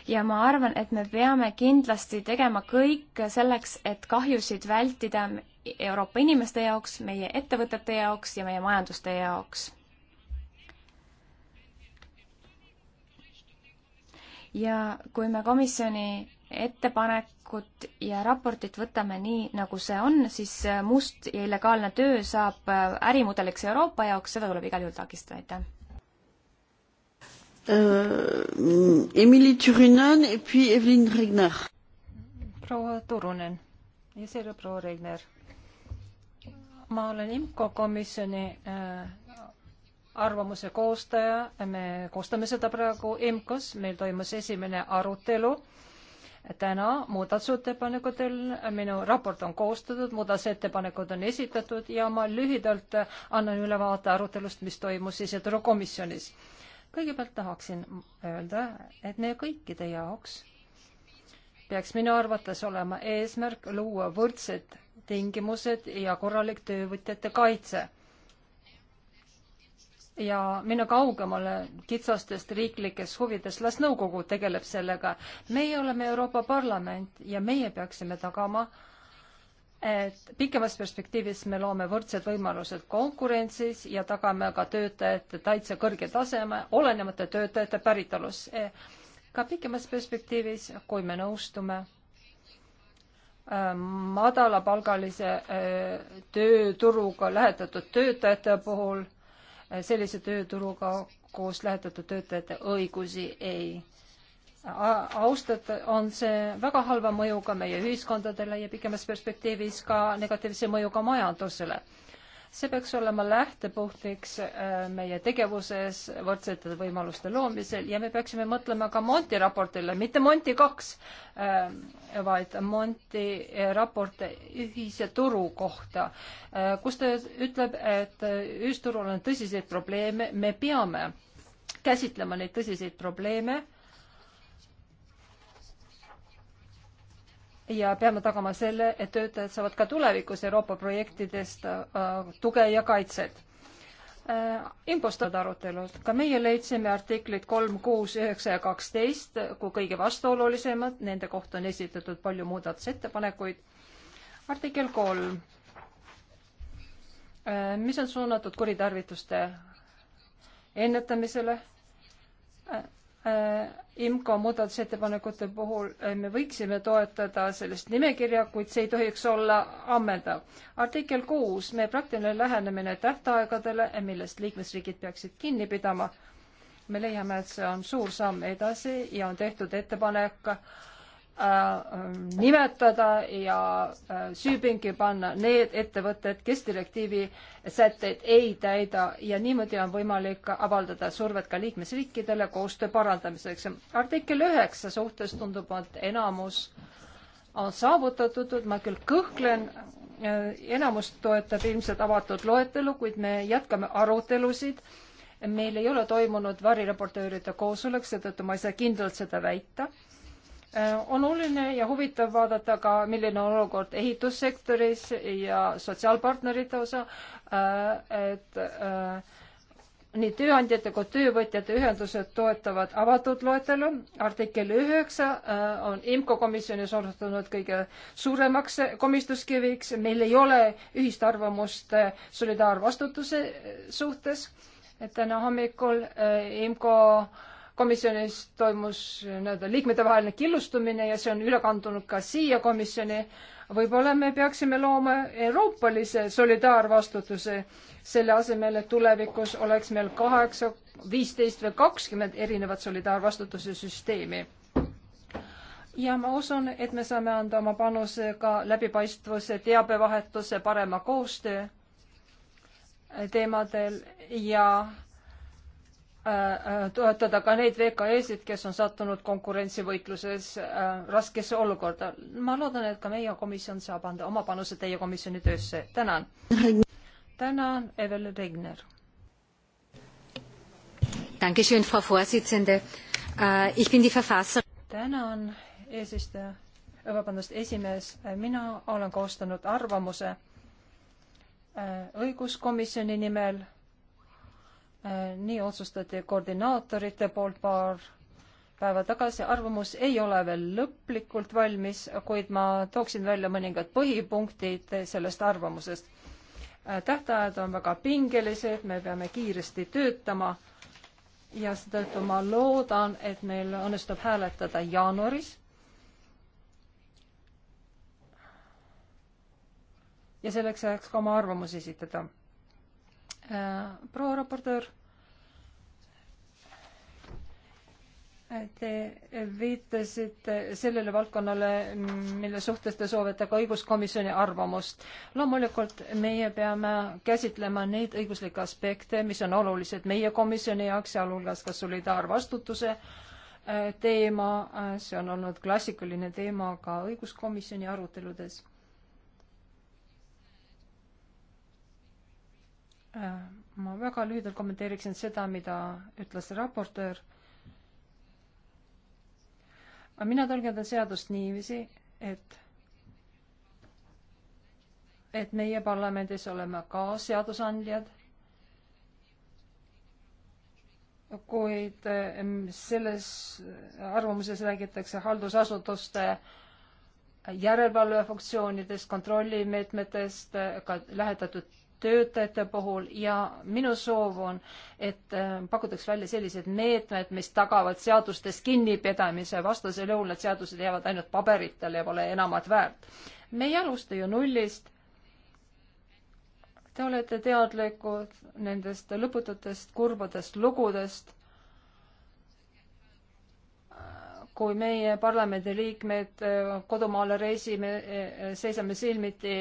ja ma arvan, et me peame kindlasti tegema kõik selleks, et kahjusid vältida Euroopa inimeste jaoks, meie ettevõtete jaoks ja meie majanduste jaoks. ja kui me komisjoni ettepanekut ja raportit võtame nii, nagu see on, siis äh, must ja illegaalne töö saab äh, ärimudeliks Euroopa jaoks, seda tuleb igal juhul takistada, aitäh. Äh, Emily Turunen ja puis Evelyn Regner. proua Turunen ja seejärel proua Regner. ma olen IMCO komisjoni äh, arvamuse koostaja, me koostame seda praegu EMKOs, meil toimus esimene arutelu täna muudatusettepanekutel, minu raport on koostatud, muudatusettepanekud on esitatud ja ma lühidalt annan ülevaate arutelust, mis toimus siseturukomisjonis. kõigepealt tahaksin öelda, et meie kõikide jaoks peaks minu arvates olema eesmärk luua võrdsed tingimused ja korralik töövõtjate kaitse ja minna kaugemale kitsastest riiklikest huvidest, las nõukogu tegeleb sellega. meie oleme Euroopa Parlament ja meie peaksime tagama, et pikemas perspektiivis me loome võrdsed võimalused konkurentsis ja tagame ka töötajate täitsa kõrge taseme, olenemata töötajate päritolus. E, ka pikemas perspektiivis, kui me nõustume e, madalapalgalise e, tööturuga lähetatud töötajate puhul sellise tööturuga koos lähetatud töötajate õigusi ei austada, on see väga halva mõjuga meie ühiskondadele ja pikemas perspektiivis ka negatiivse mõjuga majandusele see peaks olema lähtepunktiks äh, meie tegevuses võrdsete võimaluste loomisel ja me peaksime mõtlema ka Monti raportile, mitte Monti kaks, äh, vaid Monti äh, raport ühise turu kohta, kus ta ütleb, et ühisturul on tõsiseid probleeme, me peame käsitlema neid tõsiseid probleeme ja peame tagama selle, et töötajad saavad ka tulevikus Euroopa projektidest äh, tuge ja kaitset äh, impostade arutelud. ka meie leidsime artiklid kolm, kuus, üheksa ja kaksteist kui kõige vastuolulisemad, nende kohta on esitatud palju muudatusettepanekuid. artikkel kolm, äh, mis on suunatud kuritarvituste ennetamisele. Äh, IMCO muudatusettepanekute puhul äh, me võiksime toetada sellist nimekirja, kuid see ei tohiks olla ammendav. artikkel kuus, meie praktiline lähenemine tähtaegadele, millest liikmesriigid peaksid kinni pidama. me leiame, et see on suur samm edasi ja on tehtud ettepanek äh, Äh, äh, nimetada ja äh, süüpinki panna need ettevõtted, kes direktiivi sätteid ei täida ja niimoodi on võimalik avaldada survet ka liikmesriikidele koostöö parandamiseks. artikkel üheksa suhtes tundub, et enamus on saavutatud, ma küll kõhklen, enamus toetab ilmselt avatud loetelu, kuid me jätkame arutelusid. meil ei ole toimunud varireportööride koosolek, seetõttu ma ei saa kindlalt seda väita Äh, on oluline ja huvitav vaadata ka, milline on olukord ehitussektoris ja sotsiaalpartnerite osa, äh, et äh, nii tööandjate kui töövõtjate ühendused toetavad avatud loetelu. artikkel üheksa on IMCO komisjonis osutunud kõige suuremaks komistuskiviks. meil ei ole ühist arvamust solidaarvastutuse suhtes. täna hommikul IMCO äh, komisjonis toimus nii-öelda liikmetevaheline killustumine ja see on üle kandunud ka siia komisjoni. võib-olla me peaksime looma euroopalise solidaarvastutuse, selle asemel, et tulevikus oleks meil kaheksa, viisteist või kakskümmend erinevat solidaarvastutuse süsteemi ja ma usun, et me saame anda oma panuse ka läbipaistvuse, teabevahetuse, parema koostöö teemadel ja toetada ka neid VKE-sid, kes on sattunud konkurentsivõitluses äh, raskesse olukorda. ma loodan, et ka meie komisjon saab anda oma panuse teie komisjoni töösse. tänan. tänan, Evel Regner. Äh, tänan, eesistuja, äh, vabandust, esimees. mina olen koostanud arvamuse õiguskomisjoni nimel nii otsustati koordinaatorite poolt paar päeva tagasi. arvamus ei ole veel lõplikult valmis, kuid ma tooksin välja mõningad põhipunktid sellest arvamusest. tähtajad on väga pingelised, me peame kiiresti töötama ja seetõttu ma loodan, et meil õnnestub hääletada jaanuaris. ja selleks ajaks ka oma arvamus esitada Äh, proua raportöör, te viitasite sellele valdkonnale, mille suhtes te soovite ka õiguskomisjoni arvamust. loomulikult meie peame käsitlema neid õiguslikke aspekte, mis on olulised meie komisjoni jaoks, sealhulgas ka solidaarvastutuse äh, teema, äh, see on olnud klassikaline teema ka õiguskomisjoni aruteludes Äh, ma väga lühidalt kommenteeriksin seda, mida ütles raportöör. mina tõlgendan seadust niiviisi, et, et meie parlamendis oleme ka seadusandjad, kuid selles arvamuses räägitakse haldusasutuste järelevalvefunktsioonidest, kontrollimeetmetest, ka lähetatud töötajate puhul ja minu soov on, et äh, pakutaks välja sellised meetmed, mis tagavad seadustest kinnipidamise, vastasel juhul need seadused jäävad ainult paberitele ja pole enamat väärt. me ei alusta ju nullist. Te olete teadlikud nendest lõpututest kurbadest lugudest kui meie parlamendiliikmed äh, kodumaale reisime, äh, seisame silmiti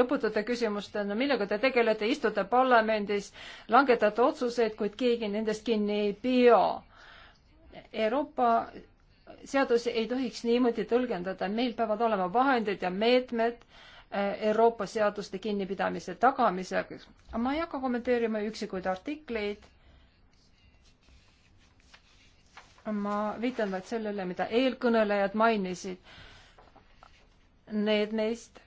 lõputute küsimustena, millega te tegelete, istute parlamendis, langetate otsuseid, kuid keegi nendest kinni ei pea. Euroopa seadusi ei tohiks niimoodi tõlgendada, meil peavad olema vahendid ja meetmed äh, Euroopa seaduste kinnipidamise tagamiseks. ma ei hakka kommenteerima üksikuid artikleid ma viitan vaid sellele, mida eelkõnelejad mainisid. Need neist,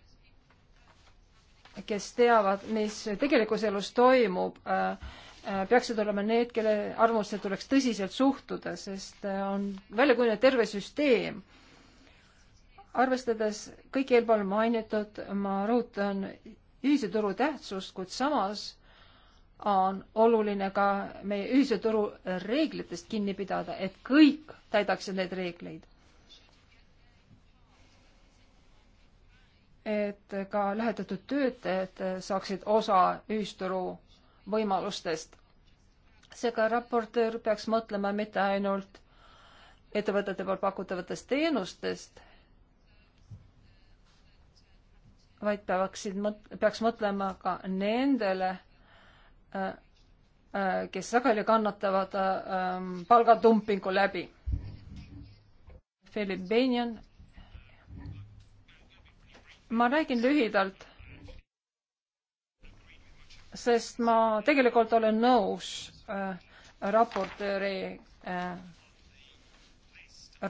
kes teavad, mis tegelikus elus toimub, äh, äh, peaksid olema need, kelle arvamusse tuleks tõsiselt suhtuda, sest äh, on välja kujunenud terve süsteem. arvestades kõike eelpool mainitud, ma rõhutan ühise turu tähtsust, kuid samas on oluline ka meie ühise turu reeglitest kinni pidada, et kõik täidaksid neid reegleid. et ka lähetatud töötajad saaksid osa ühisturu võimalustest. seega raportöör peaks mõtlema mitte ainult ettevõtete poolt pakutavatest teenustest, vaid peaksid, peaks mõtlema ka nendele Äh, äh, kes sageli kannatavad ähm, palgatumpingu läbi. Philip Benjan. ma räägin lühidalt, sest ma tegelikult olen nõus äh, raportööri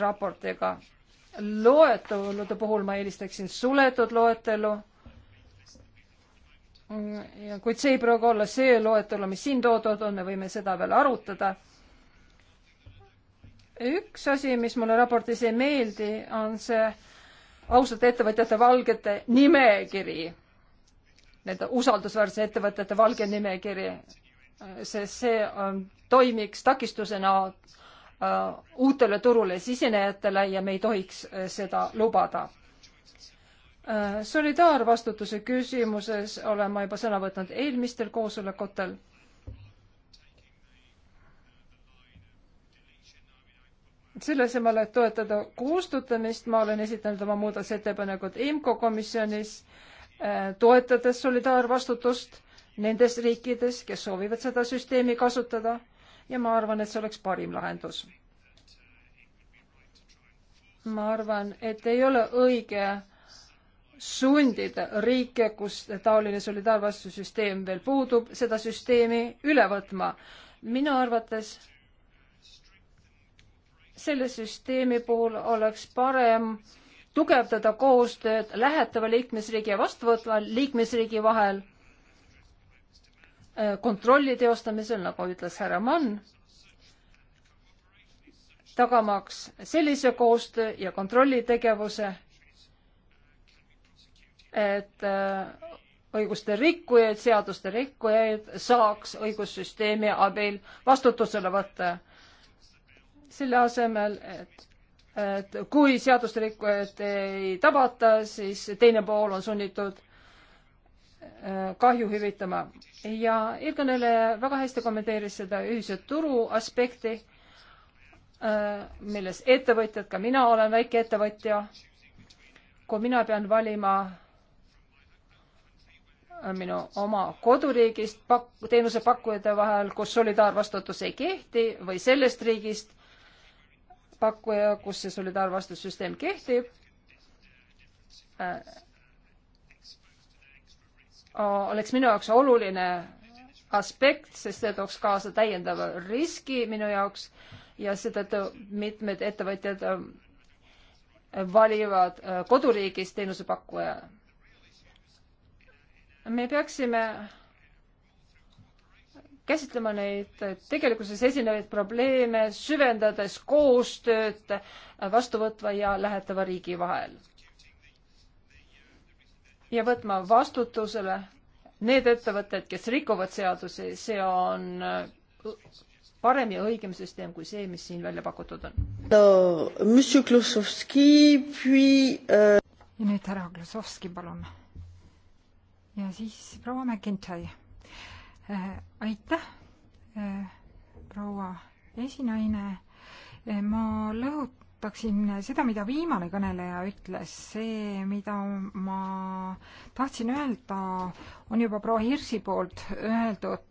raportiga. loetelude puhul ma eelistaksin suletud loetelu kuid see ei pruugi olla see loetelu, mis siin toodud on, me võime seda veel arutada. üks asi, mis mulle raportis ei meeldi, on see ausate ettevõtjate valgete nimekiri, nende usaldusväärse ettevõtete valge nimekiri, sest see on, ähm, toimiks takistusena uh, uutele turule sisenejatele ja me ei tohiks äh, seda lubada Äh, solidaarvastutuse küsimuses olen ma juba sõna võtnud eelmistel koosolekutel. selle asemel, et toetada kustutamist, ma olen esitanud oma muudatusettepanekud IMCO komisjonis, äh, toetades solidaarvastutust nendes riikides, kes soovivad seda süsteemi kasutada ja ma arvan, et see oleks parim lahendus. ma arvan, et ei ole õige sundida riike, kus taoline solidaarvastussüsteem veel puudub, seda süsteemi üle võtma. minu arvates selle süsteemi puhul oleks parem tugevdada koostööd lähetava liikmesriigi ja vastuvõtva liikmesriigi vahel äh, kontrolli teostamisel, nagu ütles härra Mann, tagamaks sellise koostöö ja kontrollitegevuse et äh, õiguste rikkujaid, seaduste rikkujaid saaks õigussüsteemi abil vastutusele võtta. selle asemel, et, et kui seaduste rikkujaid ei tabata, siis teine pool on sunnitud äh, kahju hüvitama ja eelkõneleja väga hästi kommenteeris seda ühise turu aspekti, äh, milles ettevõtjad, ka mina olen väikeettevõtja. kui mina pean valima minu oma koduriigist pak-, teenusepakkujate vahel, kus solidaarvastutus ei kehti, või sellest riigist pakkuja, kus see solidaarvastussüsteem kehtib äh,, oleks minu jaoks oluline aspekt, sest see tooks kaasa täiendava riski minu jaoks ja seetõttu mitmed ettevõtjad äh, valivad äh, koduriigis teenusepakkuja me peaksime käsitlema neid tegelikkuses esinevaid probleeme, süvendades koostööd vastuvõtva ja lähetava riigi vahel. ja võtma vastutusele need ettevõtted, kes rikuvad seadusi, see on parem ja õigem süsteem kui see, mis siin välja pakutud on. Euh ja nüüd härra Klasovski, palun ja siis proua McIntyre. Äh, aitäh, äh, proua esinaine. Äh, ma lõhutaksin seda, mida viimane kõneleja ütles, see, mida ma tahtsin öelda, on juba proua Hirsi poolt öeldud,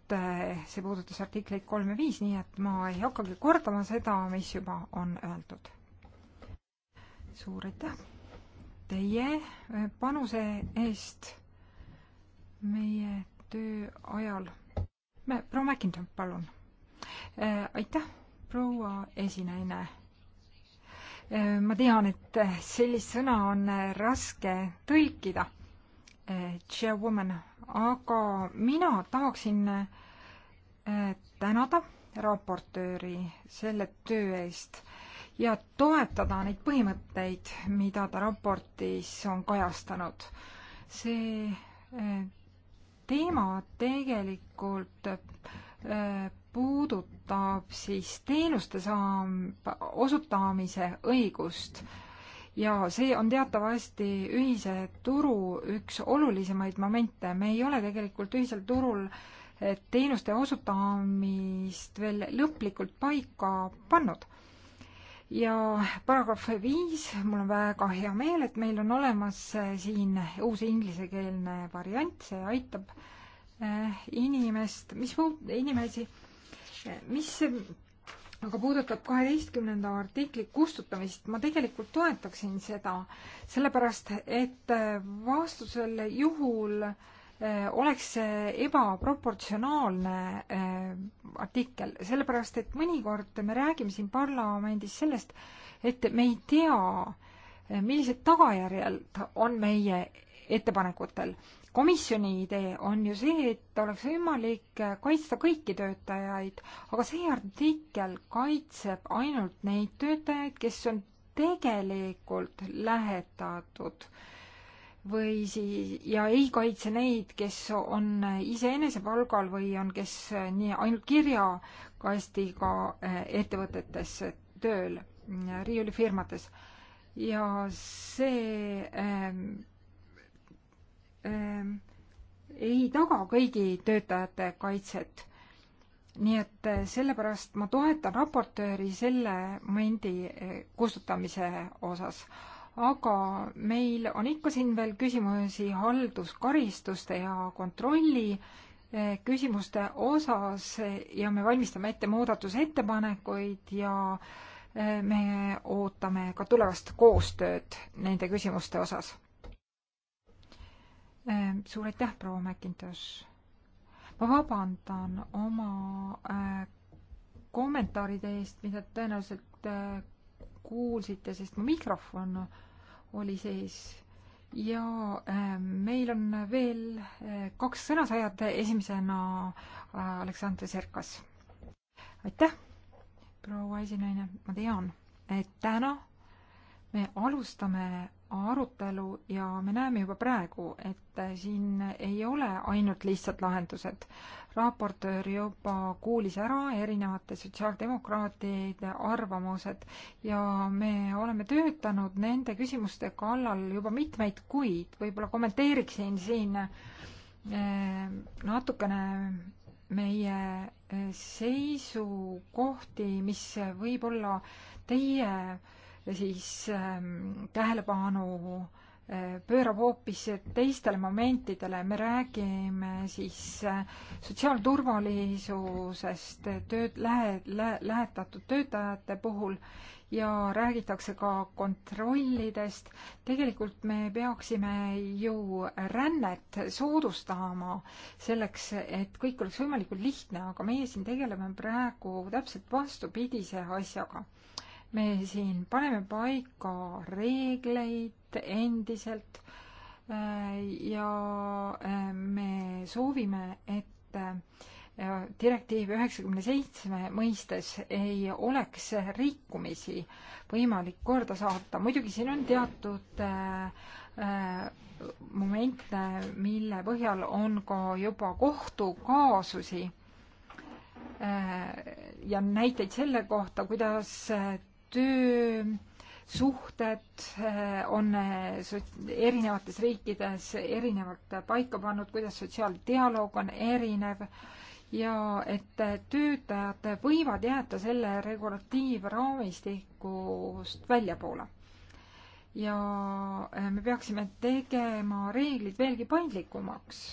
see puudutas artikleid kolm ja viis, nii et ma ei hakkagi kordama seda, mis juba on öeldud. suur aitäh teie panuse eest meie töö ajal. me, proua Mäkinton, palun. Äh, aitäh, proua esinaine äh, ma tean, et sellist sõna on raske tõlkida, äh, chairwoman, aga mina tahaksin tänada raportööri selle töö eest ja toetada neid põhimõtteid, mida ta raportis on kajastanud. see teema tegelikult äh, puudutab siis teenuste saam-, osutamise õigust ja see on teatavasti ühise turu üks olulisemaid momente. me ei ole tegelikult ühisel turul äh, teenuste osutamist veel lõplikult paika pannud ja paragrahv viis, mul on väga hea meel, et meil on olemas eh, siin uus inglisekeelne variant, see aitab eh, inimest, mis puut-, inimesi, eh, mis aga puudutab kaheteistkümnenda artikli kustutamist, ma tegelikult toetaksin seda, sellepärast et vastusel juhul äh, Äh, oleks äh, ebaproportsionaalne äh, artikkel, sellepärast et mõnikord me räägime siin parlamendis sellest, et me ei tea, millised tagajärjed on meie ettepanekutel. komisjoni idee on ju see, et oleks võimalik kaitsta kõiki töötajaid, aga see artikkel kaitseb ainult neid töötajaid, kes on tegelikult lähetatud äh, või siis, ja ei kaitse neid, kes on iseenese palgal või on, kes nii ainult kirjakastiga eh, ettevõtetes tööl, mm, riiulifirmates. ja see ähm, ähm, ei taga kõigi töötajate kaitset. nii et eh, sellepärast ma toetan raportööri selle momendi eh, kustutamise osas aga meil on ikka siin veel küsimusi halduskaristuste ja kontrolli eh, küsimuste osas eh, ja me valmistame ette muudatusettepanekuid ja eh, me ootame ka tulevast koostööd nende küsimuste osas. suur aitäh, proua Mäkintosh! ma vabandan oma kommentaaride eest, mida tõenäoliselt kuulsite, sest mu mikrofon on oli seis ja äh, meil on veel äh, kaks sõnasaajat, esimesena äh, Aleksandr Serkas. aitäh, proua esinaine, ma tean, et täna me alustame arutelu ja me näeme juba praegu, et siin ei ole ainult lihtsad lahendused. raportöör juba kuulis ära erinevate sotsiaaldemokraatide arvamused ja me oleme töötanud nende küsimuste kallal juba mitmeid kuid, võib-olla kommenteeriksin siin eh, natukene meie eh, seisukohti, mis võib-olla teie siis ähm, tähelepanu äh, pöörab hoopis teistele momentidele, me räägime siis äh, sotsiaalturvalisusest tööd, lähe-, lähe-, lähetatud töötajate puhul ja räägitakse ka kontrollidest. tegelikult me peaksime ju rännet soodustama selleks, et kõik oleks võimalikult lihtne, aga meie siin tegeleme praegu täpselt vastupidise asjaga me siin paneme paika reegleid endiselt äh, ja äh, me soovime, et äh, direktiiv üheksakümne seitsme mõistes ei oleks rikkumisi võimalik korda saata. muidugi siin on teatud momente, mille põhjal on ka juba kohtukaasusi ja näiteid selle kohta, kuidas töösuhted eh, on eh, erinevates riikides erinevalt paika pannud, kuidas sotsiaaldialoog on erinev ja et töötajad võivad jääda selle regulatiivraamistikust väljapoole. ja eh, me peaksime tegema reeglid veelgi paindlikumaks,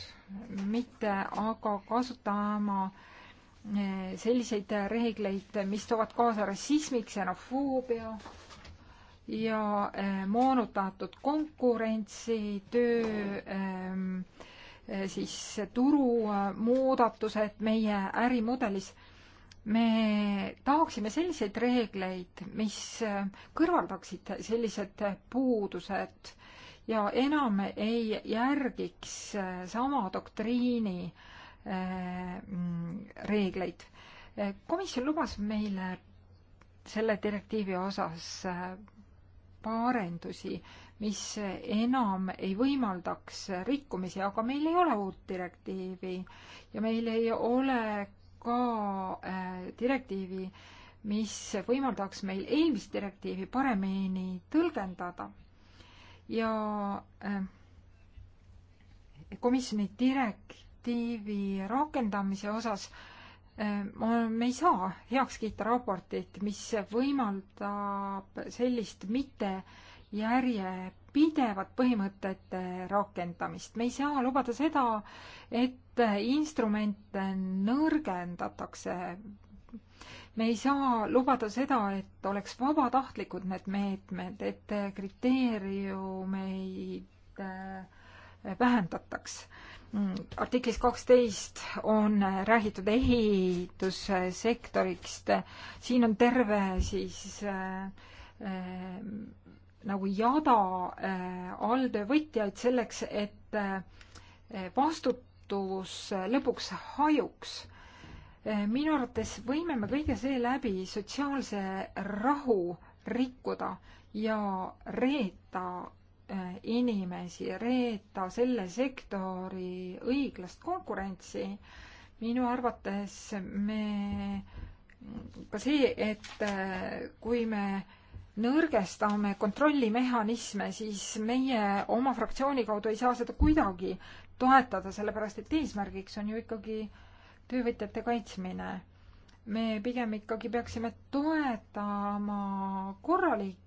mitte aga kasutama äh, selliseid reegleid, mis toovad kaasa rassismi, ksenofoobia ja eh, moonutatud konkurentsi, töö ähm, siis turumuudatused eh, meie ärimudelis. me tahaksime selliseid reegleid, mis kõrvaldaksid sellised puudused ja enam ei järgiks sama doktriini äh, Äh, reegleid. komisjon lubas meile selle direktiivi osas äh, paarendusi, mis enam ei võimaldaks rikkumisi, aga meil ei ole uut direktiivi ja meil ei ole ka äh, direktiivi, mis võimaldaks meil eelmist direktiivi paremini tõlgendada. ja komisjoni direk-, direktiivi rakendamise osas eh, me ei saa heaks kiita raportit, mis võimaldab sellist mitte järjepidevat põhimõtete rakendamist. me ei saa lubada seda, et instrumente nõrgendatakse. me ei saa lubada seda, et oleks vabatahtlikud need meetmed, et kriteeriumeid eh, vähendataks artiklis kaksteist on räägitud ehitussektorist. siin on terve siis äh, äh, nagu jada äh, alltöövõtjaid selleks, et äh, vastutus lõpuks hajuks äh,. minu arvates võime me kõige seeläbi sotsiaalse rahu rikkuda ja reeta Äh, inimesi, reeta selle sektori õiglast konkurentsi, minu arvates me, ka see, et äh, kui me nõrgestame kontrollimehhanisme, siis meie oma fraktsiooni kaudu ei saa seda kuidagi toetada, sellepärast et eesmärgiks on ju ikkagi töövõtjate kaitsmine. me pigem ikkagi peaksime toetama korralik-,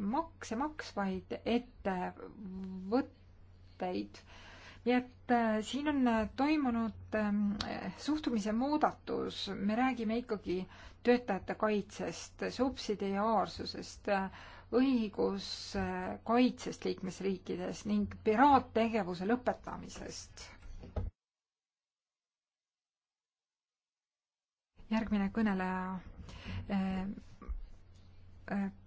makse maksvaid ettevõtteid. nii et äh, siin on äh, toimunud ähm, suhtumise muudatus, me räägime ikkagi töötajate kaitsest, subsidiaarsusest, äh, õiguskaitsest liikmesriikides ning piraattegevuse lõpetamisest. järgmine kõneleja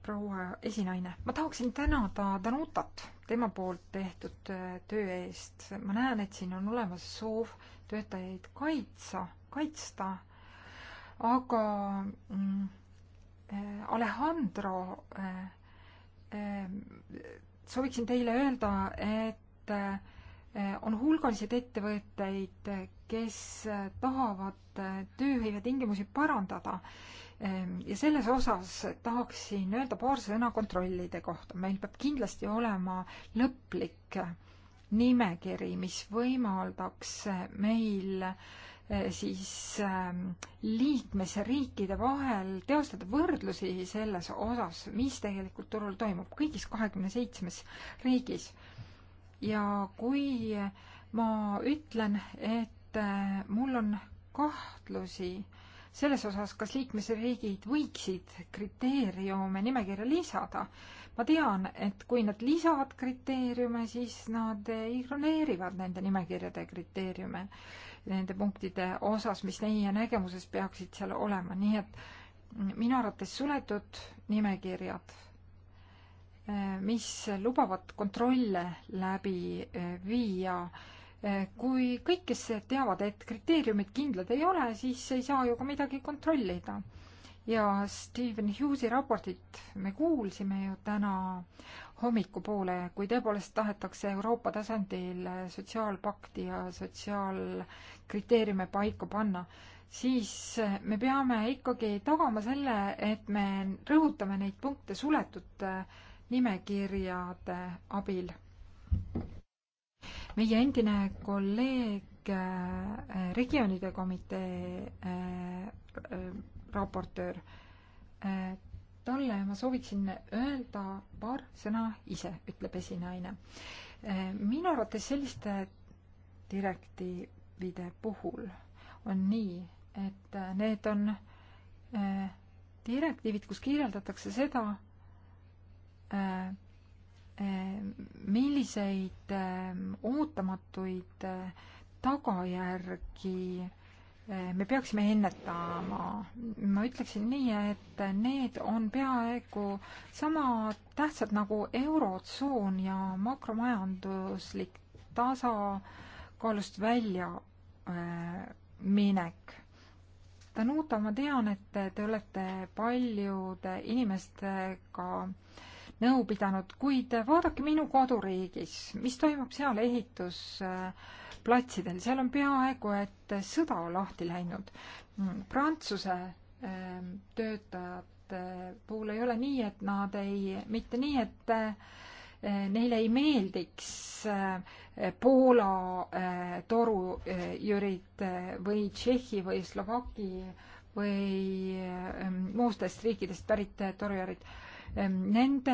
proua esinaine. ma tahaksin tänada Danutat tema poolt tehtud äh, töö eest. ma näen, et siin on olemas soov töötajaid kaitsa, kaitsta, aga mm, äh, Alejandro, äh, sooviksin teile öelda, et on hulgaliselt ettevõtteid, kes tahavad tööhõive tingimusi parandada Ehm, ja selles osas tahaksin öelda paar sõna kontrollide kohta. meil peab kindlasti olema lõplik nimekiri, mis võimaldaks meil eh, siis ehm, liikmesriikide vahel teostada võrdlusi selles osas, mis tegelikult turul toimub kõigis kahekümne seitsmes riigis. ja kui ma ütlen, et eh, mul on kahtlusi äh, selles osas, kas liikmesriigid võiksid kriteeriume nimekirja lisada. ma tean, et kui nad lisavad kriteeriume, siis nad ignoreerivad nende nimekirjade kriteeriume nende punktide osas, mis neie nägemuses peaksid seal olema, nii et minu arvates suletud nimekirjad, mis lubavad kontrolle läbi viia äh, kui kõik, kes teavad, et kriteeriumid kindlad ei ole, siis ei saa ju ka midagi kontrollida. ja Stephen Hughes'i raportit me kuulsime ju täna hommikupoole, kui tõepoolest tahetakse Euroopa tasandil sotsiaalpakti ja sotsiaalkriteeriume paika panna, siis me peame ikkagi tagama selle, et me rõhutame neid punkte suletud nimekirjade abil meie endine kolleeg äh, regioonide komitee äh, raportöör, äh, talle ma sooviksin öelda paar sõna ise, ütleb esinaine. minu arvates selliste direktiivide puhul on nii, et need on direktiivid, kus kirjeldatakse seda, milliseid ähm, ootamatuid äh, tagajärgi äh, me peaksime ennetama, ma ütleksin nii, et need on peaaegu sama tähtsad nagu eurotsoon ja makromajanduslik tasakaalust väljaminek. Äh, Danuta, ma tean, et te olete paljude inimestega äh, nõu pidanud, kuid vaadake minu koduriigis, mis toimub seal ehitusplatsidel, seal on peaaegu et sõda lahti läinud. Prantsuse ehm, töötajate puhul ei ole nii, et nad ei, mitte nii, et eh, neile ei meeldiks eh, Poola eh, torujürid või Tšehhi või Slovaki või muustest riikidest pärit torujärid. Ehm, nende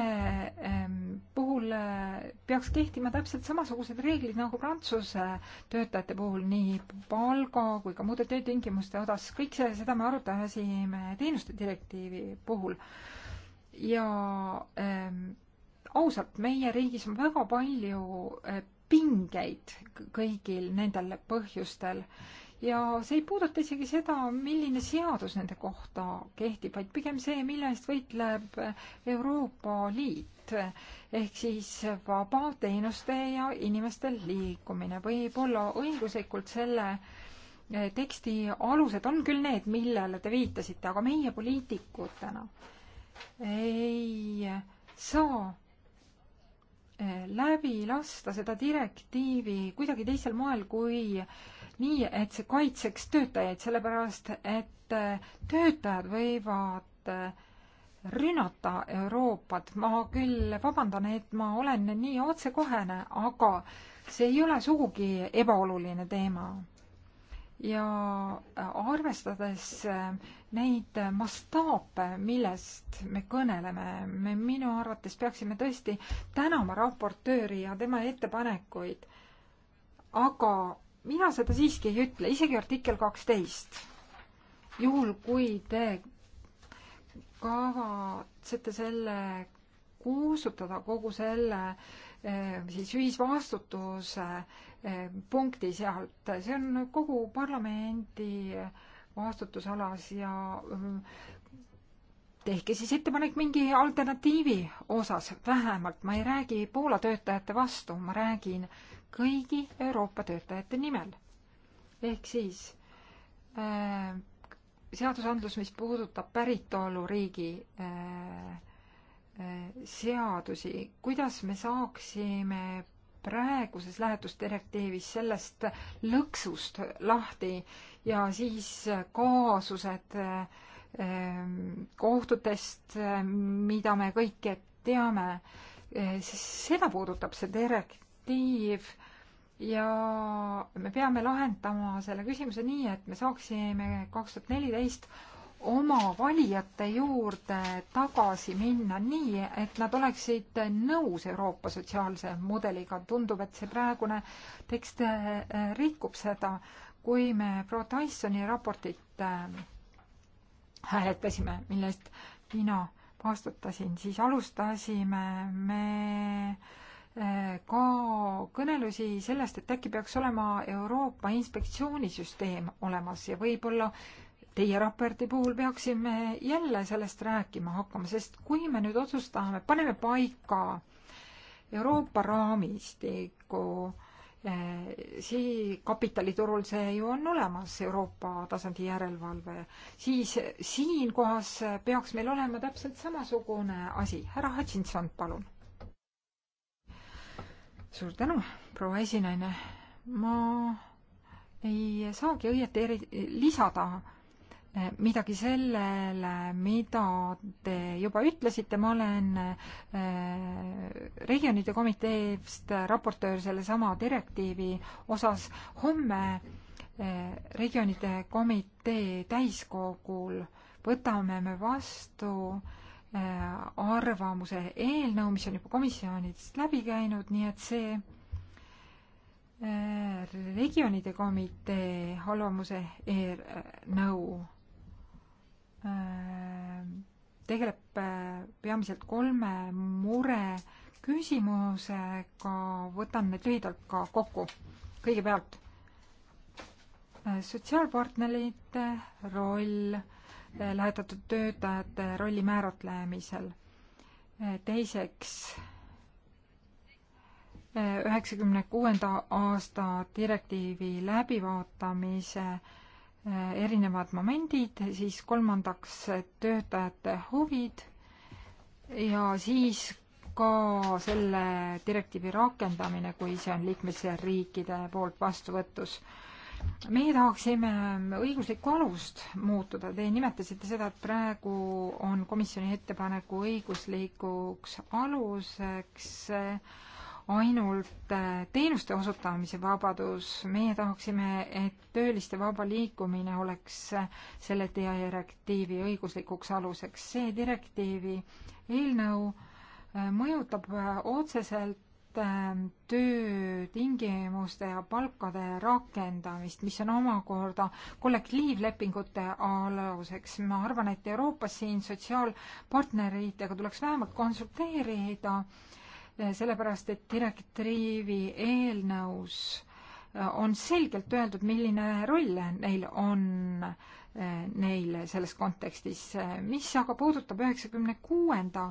ehm, puhul äh, peaks kehtima täpselt samasugused reeglid nagu Prantsuse töötajate puhul nii palga kui ka muude töötingimuste osas. kõik see, seda me arutasime teenuste direktiivi puhul. ja ähm, ausalt, meie riigis on väga palju äh, pingeid kõigil nendel põhjustel ja see ei puuduta isegi seda, milline seadus nende kohta kehtib, vaid pigem see, mille eest võitleb Euroopa Liit ehk siis vaba teenuste ja inimeste liikumine. võib-olla õiguslikult selle teksti alused on küll need, millele te viitasite, aga meie poliitikutena ei saa eh, läbi lasta seda direktiivi kuidagi teisel moel kui äh, nii, et see kaitseks töötajaid, sellepärast et äh, töötajad võivad äh, rünnata Euroopat. ma küll vabandan, et ma olen nii otsekohene, aga see ei ole sugugi ebaoluline teema. ja äh, arvestades neid mastaape, millest me kõneleme, me minu arvates peaksime tõesti tänama raportööri ja tema ettepanekuid, aga mina seda siiski ei ütle, isegi artikkel kaksteist. juhul, kui te kavatsete selle kustutada kogu selle eh, siis ühisvastutuse eh, punkti sealt, see on kogu parlamendi vastutusalas ja mm, tehke siis ettepanek mingi alternatiivi osas vähemalt, ma ei räägi Poola töötajate vastu, ma räägin äh, kõigi Euroopa töötajate nimel. ehk siis äh, seadusandlus, mis puudutab päritoluriigi äh, äh, seadusi, kuidas me saaksime praeguses lähetusdirektiivis sellest lõksust lahti ja siis kaasused äh, kohtutest, äh, mida me kõik teame, äh, seda puudutab see direkt-, initsiatiiv ja me peame lahendama selle küsimuse nii, et me saaksime kaks tuhat neliteist oma valijate juurde tagasi minna nii, et nad oleksid nõus Euroopa sotsiaalse mudeliga. tundub, et see praegune tekst äh, rikub seda. kui me proua Tysoni raportit äh, hääletasime, millest mina vastutasin, siis alustasime me ka kõnelusi sellest, et äkki peaks olema Euroopa inspektsioonisüsteem olemas ja võib-olla teie raporti puhul peaksime jälle sellest rääkima hakkama, sest kui me nüüd otsustame, paneme paika Euroopa raamistiku, eh, sii-, kapitaliturul see ju on olemas, Euroopa tasandi järelevalve, siis siinkohas peaks meil olema täpselt samasugune asi. härra Hutchinson, palun suur tänu, proua esinaine. ma ei saagi õieti eri-, lisada eh, midagi sellele, mida te juba ütlesite, ma olen eh, regioonide komiteest raportöör sellesama direktiivi osas. homme eh, regioonide komitee täiskogul võtame me vastu äh, Äh, arvamuse eelnõu, mis on juba komisjonidest läbi käinud, nii et see äh, regioonide komitee arvamuse eelnõu äh, tegeleb peamiselt kolme mure küsimusega, võtan need lühidalt ka kokku. kõigepealt sotsiaalpartnerite roll lähetatud töötajate rolli määratlemisel. teiseks, üheksakümne kuuenda aasta direktiivi läbivaatamise eh, erinevad momendid, siis kolmandaks töötajate huvid ja siis ka selle direktiivi rakendamine, kui see on liikmesriikide poolt vastuvõtus meie tahaksime õiguslikku alust muutuda. Te nimetasite seda, et praegu on komisjoni ettepaneku õiguslikuks aluseks ainult äh, teenuste osutamise vabadus. meie tahaksime, et tööliste vaba liikumine oleks äh, selle direktiivi õiguslikuks aluseks. see direktiivi eelnõu äh, mõjutab otseselt Ähm, töötingimuste ja palkade rakendamist, mis on omakorda kollektiivlepingute aluseks. ma arvan, et Euroopas siin sotsiaalpartneritega tuleks vähemalt konsulteerida, äh, sellepärast et direktiivi eelnõus äh, on selgelt öeldud, milline roll neil on äh, Eh, neile selles kontekstis. mis aga puudutab üheksakümne kuuenda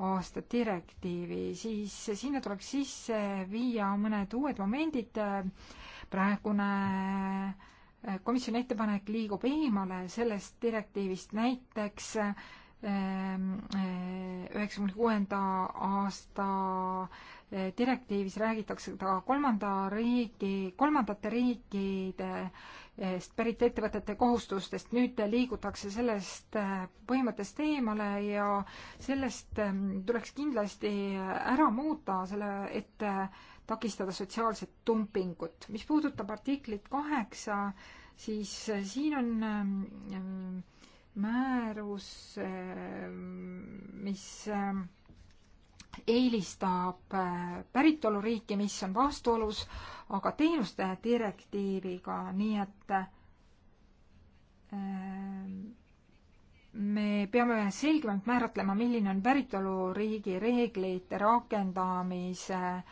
aasta direktiivi, siis sinna tuleks sisse viia mõned uued momendid. praegune eh, komisjoni ettepanek liigub eemale sellest direktiivist, näiteks eh, üheksakümne kuuenda aasta direktiivis räägitakse ka kolmanda riigi, kolmandate riikide eest pärit ettevõtete kohustustest, nüüd liigutakse sellest äh, põhimõttest eemale ja sellest ähm, tuleks kindlasti ära muuta, selle, et äh, takistada sotsiaalset dumpingut. mis puudutab artiklit kaheksa, siis äh, siin on ähm, ähm, määrus, mis eelistab äh, päritoluriiki, mis on vastuolus aga teenuste direktiiviga, nii et äh, me peame selgemalt määratlema, milline on päritoluriigi reeglite rakendamise äh,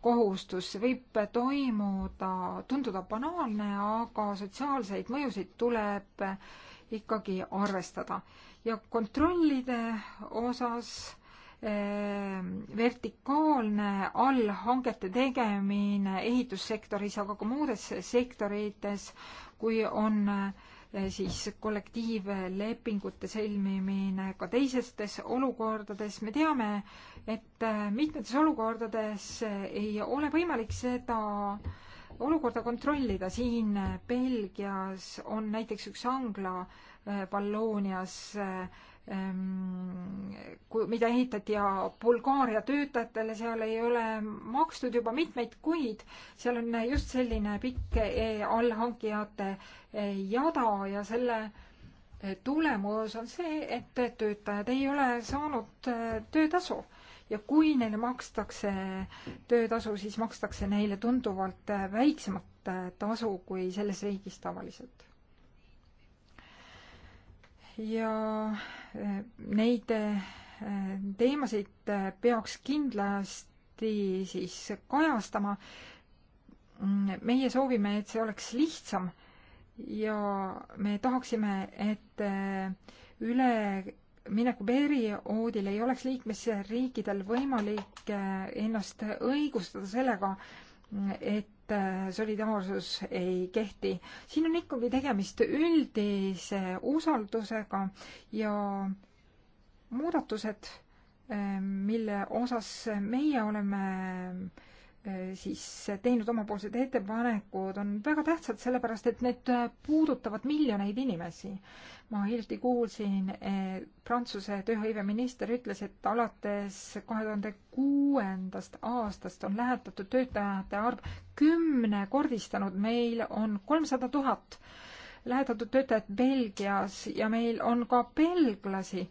kohustus, see võib toimuda, tunduda banaalne, aga sotsiaalseid mõjusid tuleb ikkagi arvestada. ja kontrollide osas Ehm, vertikaalne allhangete tegemine ehitussektoris, aga ka muudes sektorites, kui on eh, siis kollektiivlepingute sõlmimine ka teistes olukordades. me teame, et eh, mitmetes olukordades ei ole võimalik seda olukorda kontrollida. siin Belgias on näiteks üks angla eh, Valloonias Ehm, mida ehitati ja Bulgaaria töötajatele seal ei ole makstud juba mitmeid kuid. seal on just selline pikk e allhankijate e, jada ja selle e, tulemus on see, et töötajad ei ole saanud töötasu ja kui neile makstakse töötasu, siis makstakse neile tunduvalt väiksemat tasu kui selles riigis tavaliselt ja eh, neid eh, teemasid eh, peaks kindlasti siis kajastama. meie soovime, et see oleks lihtsam ja me tahaksime, et üleminekuperioodil ei oleks liikmesriikidel võimalik ennast õigustada sellega, mm, et Äh, solidaarsus ei kehti. siin on ikkagi tegemist üldise usaldusega ja muudatused, äh, mille osas meie oleme äh, Äh, siis teinud omapoolsed ettepanekud, on väga tähtsad, sellepärast et need äh, puudutavad miljoneid inimesi. ma hiljuti kuulsin, Prantsuse tööhõiveminister ütles, et alates kahe tuhande kuuendast aastast on lähetatud töötajate arv kümnekordistanud, meil on kolmsada tuhat lähetatud töötajat Belgias ja meil on ka belglasi,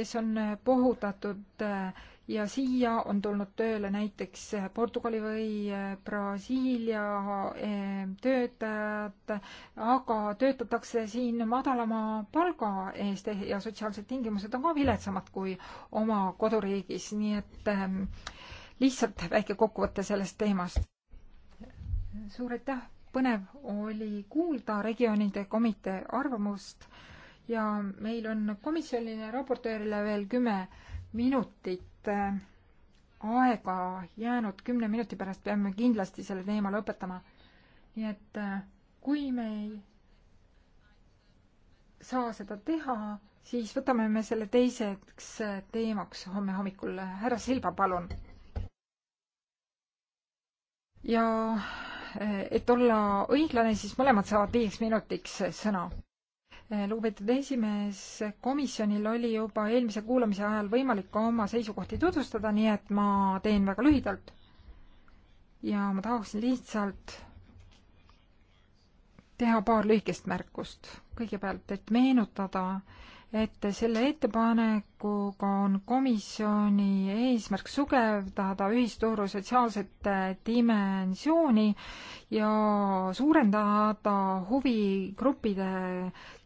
kes on puhutatud äh, ja siia on tulnud tööle näiteks eh, Portugali või eh, Brasiilia eh, töötajad, aga töötatakse siin madalama palga eest ja sotsiaalsed tingimused on ka viletsamad kui oma koduriigis, nii et lihtsalt väike kokkuvõte sellest teemast. suur aitäh, põnev oli kuulda regioonide komitee arvamust ja meil on komisjonile, raportöörile veel kümme minutit Äh, aega jäänud kümne minuti pärast peame kindlasti selle teema lõpetama. nii et äh, kui me ei saa seda teha, siis võtame me selle teiseks äh, teemaks homme hommikul. härra Silba, palun. ja et olla õiglane, siis mõlemad saavad viieks minutiks sõna Eh, lugupeetud esimees, komisjonil oli juba eelmise kuulamise ajal võimalik ka oma seisukohti tutvustada, nii et ma teen väga lühidalt. ja ma tahaksin lihtsalt teha paar lühikest märkust. kõigepealt, et meenutada äh, et selle ettepanekuga on komisjoni eesmärk sugevdada ühisturu sotsiaalset dimensiooni ja suurendada huvigruppide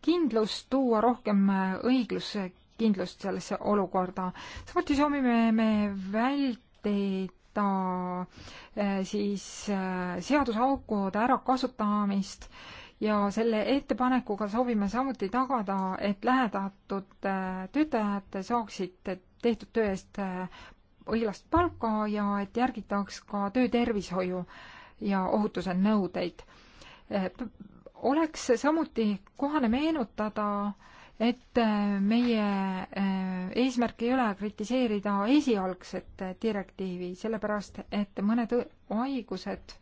kindlust, tuua rohkem õigluskindlust sellesse olukorda. samuti soovime me vältida ta eh, siis eh, seaduseaukude ärakasutamist äh, ja selle ettepanekuga soovime samuti tagada, et lähedatud äh, töötajad saaksid tehtud töö eest äh, õiglast palka ja et järgitaks ka töötervishoiu ja ohutuse nõudeid. Äh, oleks samuti kohane meenutada, et meie eesmärk ei ole kritiseerida esialgset direktiivi, sellepärast et mõned haigused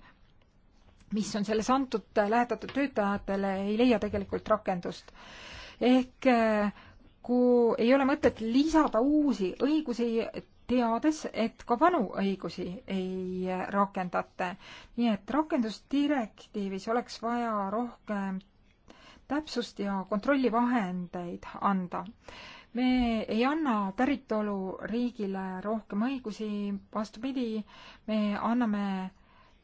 mis on selles antud lähetatud töötajatele, ei leia tegelikult rakendust. ehk eh, kui ei ole mõtet lisada uusi õigusi, teades, et ka vanu õigusi ei rakendata. nii et rakendusdirektiivis oleks vaja rohkem täpsust ja kontrollivahendeid anda. me ei anna päritoluriigile rohkem õigusi, vastupidi, me anname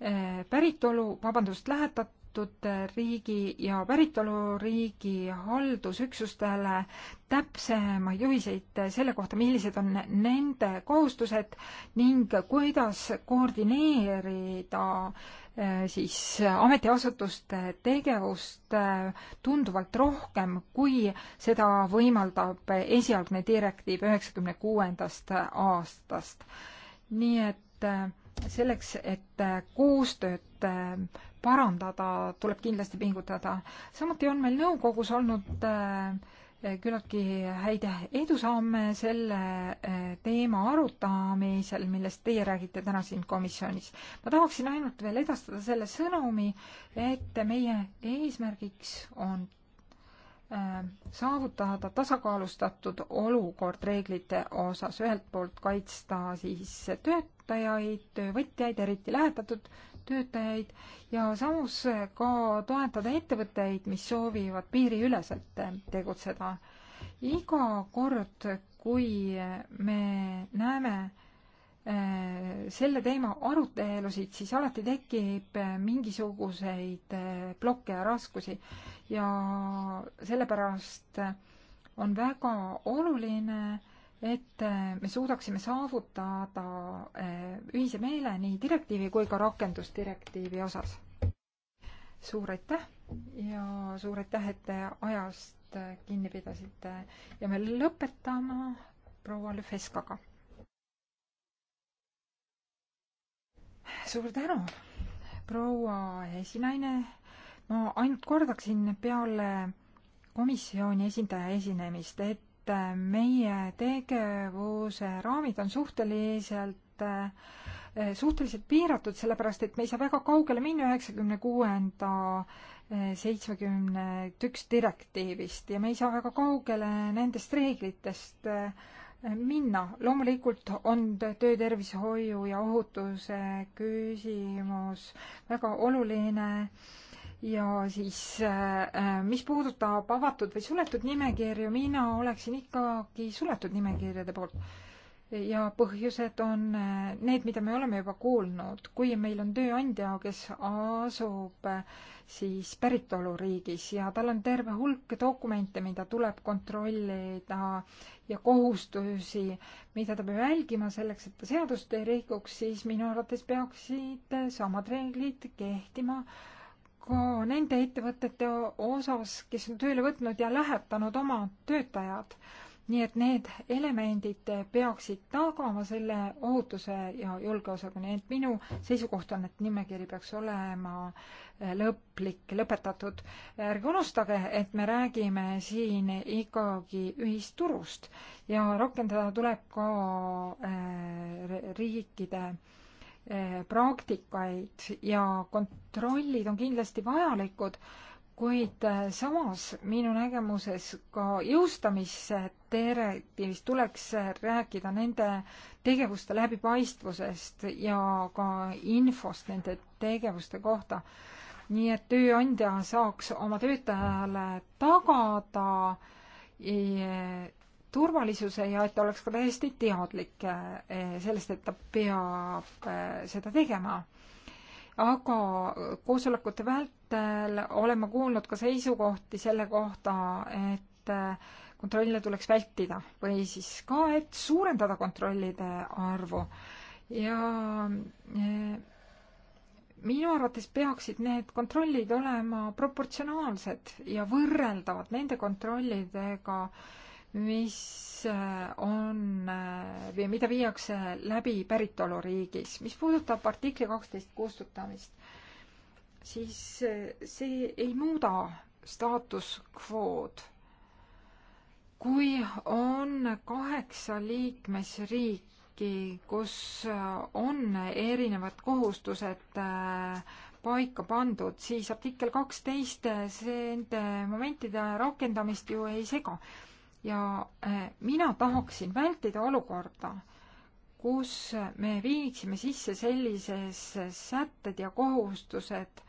Eh, päritolu, vabandust, lähetatud eh, riigi ja päritoluriigi haldusüksustele täpsemaid juhiseid selle kohta, millised on nende kohustused ning kuidas koordineerida eh, siis ametiasutuste tegevust tunduvalt rohkem, kui seda võimaldab esialgne direktiiv üheksakümne kuuendast aastast. nii et selleks, et äh, koostööd äh, parandada, tuleb kindlasti pingutada. samuti on meil nõukogus olnud äh, küllaltki häid edusamme selle teema arutamisel, millest teie räägite täna siin komisjonis. ma tahaksin ainult veel edastada selle sõnumi, et meie eesmärgiks on saavutada tasakaalustatud olukord reeglite osas, ühelt poolt kaitsta siis töötajaid, töötajaid, töövõtjaid, eriti lähetatud töötajaid ja samus ka toetada ettevõtteid, mis soovivad piiriüleselt tegutseda. iga kord, kui me näeme eh, selle teema arutelusid, siis alati tekib mingisuguseid blokke eh, ja raskusi ja sellepärast on väga oluline äh, et äh, me suudaksime saavutada äh, ühise meele nii direktiivi kui ka rakendusdirektiivi osas. suur aitäh ja suur aitäh, et te ajast äh, kinni pidasite ja me lõpetame proua Lüfeskaga. suur tänu, proua esinaine. ma ainult kordaksin peale komisjoni esindaja esinemist, et et äh, meie tegevuse raamid on suhteliselt, äh, suhteliselt piiratud, sellepärast et me ei saa väga kaugele minna üheksakümne kuuenda äh, seitsmekümnelt üks direktiivist ja me ei saa väga kaugele nendest reeglitest minna. loomulikult on töötervishoiu ja ohutuse küsimus väga oluline äh, ja siis, äh, äh, mis puudutab avatud või suletud nimekirju, mina oleksin ikkagi suletud nimekirjade poolt. ja põhjused on äh, need, mida me oleme juba kuulnud. kui meil on tööandja, kes asub siis päritoluriigis ja tal on terve hulk dokumente, mida tuleb kontrollida ja kohustusi, mida ta peab jälgima selleks, et ta seadust ei rikuks, siis minu arvates peaksid samad reeglid kehtima äh, ka nende ettevõtete osas, kes on tööle võtnud ja lähetanud oma töötajad. nii et need elemendid peaksid tagama selle ohutuse ja julgeosaga, nii et minu seisukoht on, et nimekiri peaks olema eh, lõplik, lõpetatud. ärge unustage, et me räägime siin ikkagi ühisturust ja rakendada tuleb ka eh, riikide äh, Eh, praktikaid ja kontrollid on kindlasti vajalikud, kuid eh, samas minu nägemuses ka jõustamise direktiivis tuleks rääkida nende tegevuste läbipaistvusest ja ka infost nende tegevuste kohta. nii et tööandja saaks oma töötajale tagada eh, turvalisuse ja et ta oleks ka täiesti teadlik eh, sellest, et ta peab eh, seda tegema. aga koosolekute vältel olen ma kuulnud ka seisukohti selle kohta, et eh, kontrolle tuleks vältida või siis ka, et suurendada kontrollide arvu ja minu arvates peaksid need kontrollid olema proportsionaalsed ja võrreldavad nende kontrollidega, mis äh, on äh, või mida viiakse läbi päritoluriigis. mis puudutab artikli kaksteist kustutamist, siis äh, see ei muuda staatus quo'd. kui on kaheksa liikmesriiki, kus on erinevad kohustused paika pandud, siis artikkel kaksteist nende momentide rakendamist ju ei sega ja äh, mina tahaksin vältida olukorda, kus me viiksime sisse sellises sätted ja kohustused,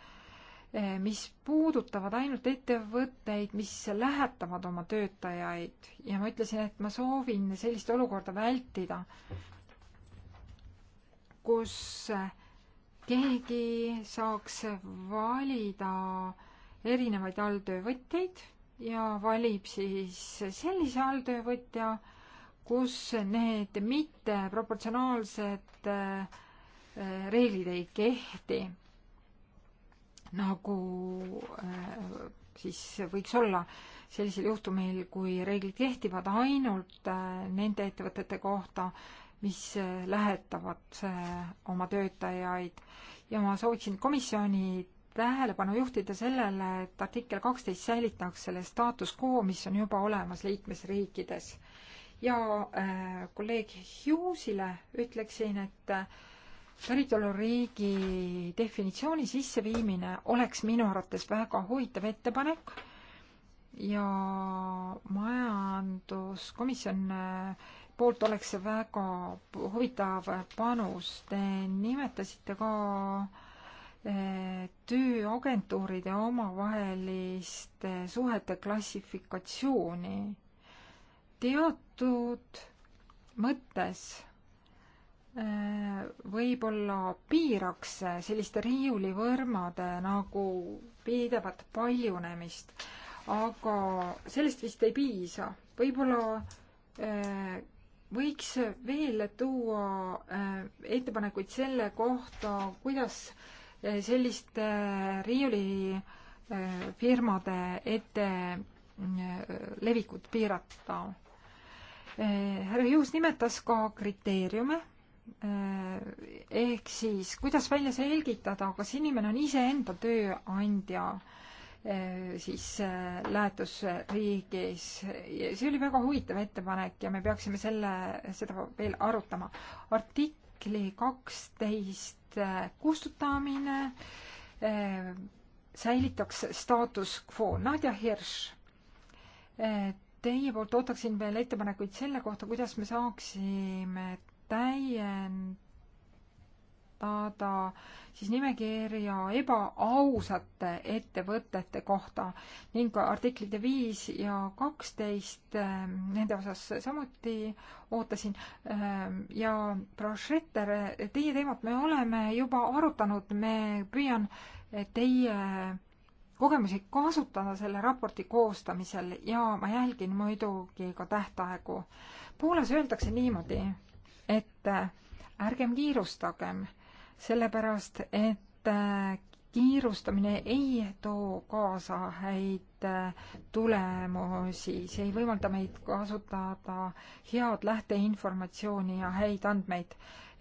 äh, mis puudutavad ainult ettevõtteid, mis lähetavad oma töötajaid ja ma ütlesin, et ma soovin sellist olukorda vältida, kus äh, keegi saaks valida erinevaid alltöövõtjaid ja valib siis sellise alltöövõtja, kus need mitteproportsionaalsed äh, reeglid ei kehti, nagu äh, siis võiks olla sellisel juhtumil, kui reeglid kehtivad ainult äh, nende ettevõtete kohta, mis lähetavad oma töötajaid ja ma sooviksin komisjoni tähelepanu juhtida sellele, et artikkel kaksteist säilitaks selle staatus quo, mis on juba olemas liikmesriikides. ja äh, kolleeg Hughesile ütleksin, et äh, päritoluriigi definitsiooni sisseviimine oleks minu arvates väga huvitav ettepanek ja majanduskomisjon äh, poolt oleks see väga huvitav panus. Te nimetasite ka äh, tööagentuuride omavaheliste suhete klassifikatsiooni teatud mõttes äh, võib-olla piiraks selliste riiulivõrmade nagu pidevat paljunemist, aga sellest vist ei piisa. võib-olla äh, võiks veel tuua äh, ettepanekuid selle kohta, kuidas äh, selliste äh, riiulifirmade äh, ette äh, levikut piirata. härra Hughes nimetas ka kriteeriume, ehk siis kuidas välja selgitada, kas inimene on iseenda tööandja siis lähetusriigis. see oli väga huvitav ettepanek ja me peaksime selle, seda veel arutama. artik-, artikli kaksteist äh, kustutamine äh, säilitaks staatus quo. Nadja Hirš, äh, teie poolt ootaksin veel ettepanekuid selle kohta, kuidas me saaksime täiend-, koostada siis nimekirja ebaausate ettevõtete kohta ning artiklite viis ja kaksteist eh, nende osas samuti ootasin. Ehm, ja proua Schritter, teie teemat me oleme juba arutanud, me püüan eh, teie kogemusi kasutada selle raporti koostamisel ja ma jälgin muidugi ka tähtaegu. Poolas öeldakse niimoodi, et eh, ärgem kiirustagem sellepärast et äh, kiirustamine ei too kaasa häid äh, tulemusi, see ei võimalda meid kasutada head lähteinformatsiooni ja häid andmeid.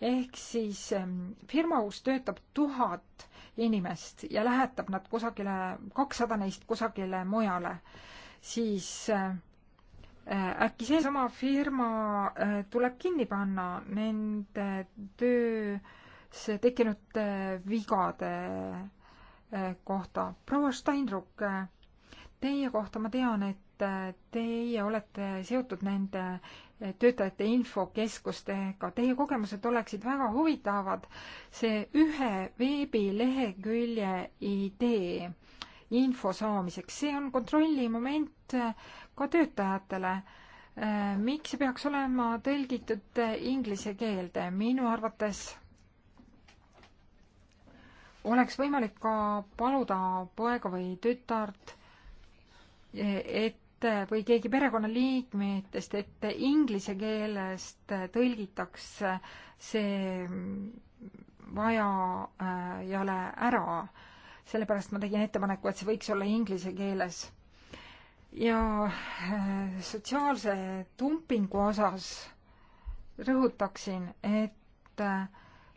ehk siis ähm, firma, kus töötab tuhat inimest ja lähetab nad kusagile, kakssada neist kusagile mujale, siis äh, äkki seesama firma tuleb kinni panna, nende töö see tekkinud äh, vigade äh, kohta. proua Steinruck, äh, teie kohta ma tean, et teie olete seotud nende töötajate infokeskustega. Teie kogemused oleksid väga huvitavad. see ühe veebilehekülje idee info saamiseks, see on kontrollimoment ka töötajatele miks see peaks olema tõlgitud inglise keelde? minu arvates oleks võimalik ka paluda poega või tütart, e, et või keegi perekonnaliikmetest, et inglise keelest tõlgitaks see vajajale äh, ära. sellepärast ma tegin ettepaneku, et see võiks olla inglise keeles. ja äh, sotsiaalse dumpingu osas rõhutaksin, et äh,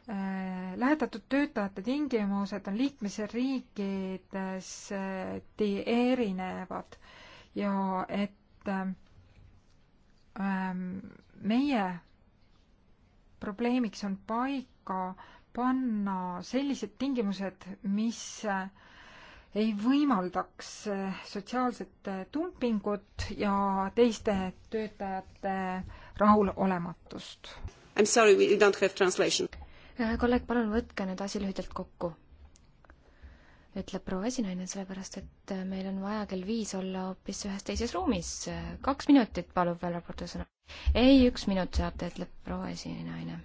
Äh, lähetatud töötajate tingimused on liikmesriikides äh, erinevad ja et äh, ähm, meie probleemiks on paika panna sellised tingimused, mis ei võimaldaks sotsiaalset dumpingut ja teiste töötajate rahulolematust. I am sorry, we don't have translation Äh, kolleeg, palun võtke nüüd asi lühidalt kokku, ütleb proua esinaine, sellepärast et äh, meil on vaja kell viis olla hoopis ühes teises ruumis. Äh, kaks minutit palub veel raportöö sõna. ei, üks minut saate, ütleb proua esinaine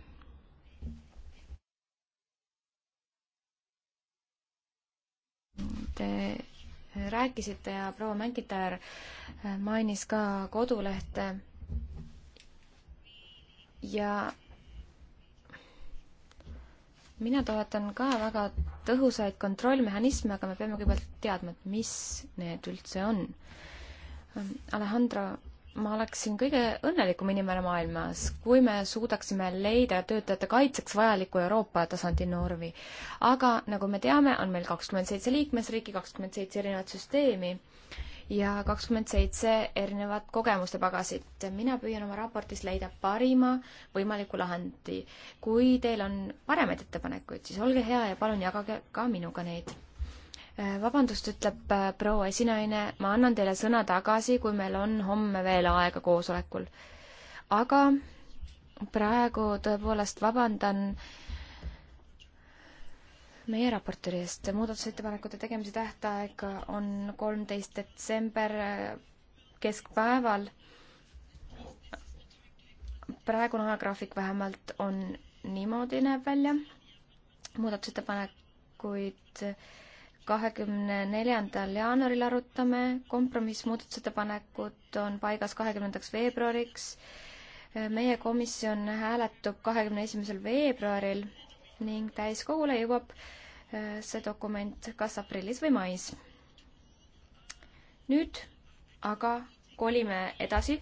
Te rääkisite ja proua Mänkitäär mainis ka kodulehte ja mina toetan ka väga tõhusaid kontrollmehhanisme, aga me peame kõigepealt teadma, et mis need üldse on. Ähm, Alejandro, ma oleksin kõige õnnelikum inimene maailmas, kui me suudaksime leida töötajate kaitseks vajaliku Euroopa tasandi normi. aga nagu me teame, on meil kakskümmend seitse liikmesriiki, kakskümmend seitse erinevat süsteemi ja kakskümmend seitse erinevat kogemuste pagasit. mina püüan oma raportis leida parima võimaliku lahendi. kui teil on paremaid ettepanekuid, siis olge hea ja palun jagage ka minuga neid. Äh, vabandust, ütleb äh, proua esinaine, ma annan teile sõna tagasi, kui meil on homme veel aega koosolekul. aga praegu tõepoolest vabandan äh, meie raportööri eest. muudatusettepanekute tegemise tähtaeg on kolmteist detsember keskpäeval. praegune ajagraafik vähemalt on niimoodi, näeb välja. muudatusettepanekuid kahekümne neljandal jaanuaril arutame, kompromissmuudatusettepanekud on paigas kahekümnendaks veebruariks. meie komisjon hääletub kahekümne esimesel veebruaril ning täiskogule jõuab see dokument kas aprillis või mais. nüüd aga kolime edasi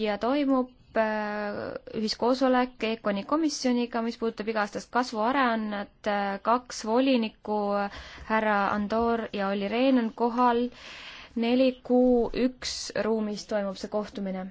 ja toimub äh, ühiskoosolek EKONi komisjoniga, mis puudutab iga-aastast kasvuarennet, äh, kaks volinikku, härra Andor ja Olli Rehn on kohal, neli kuu üks ruumis toimub see kohtumine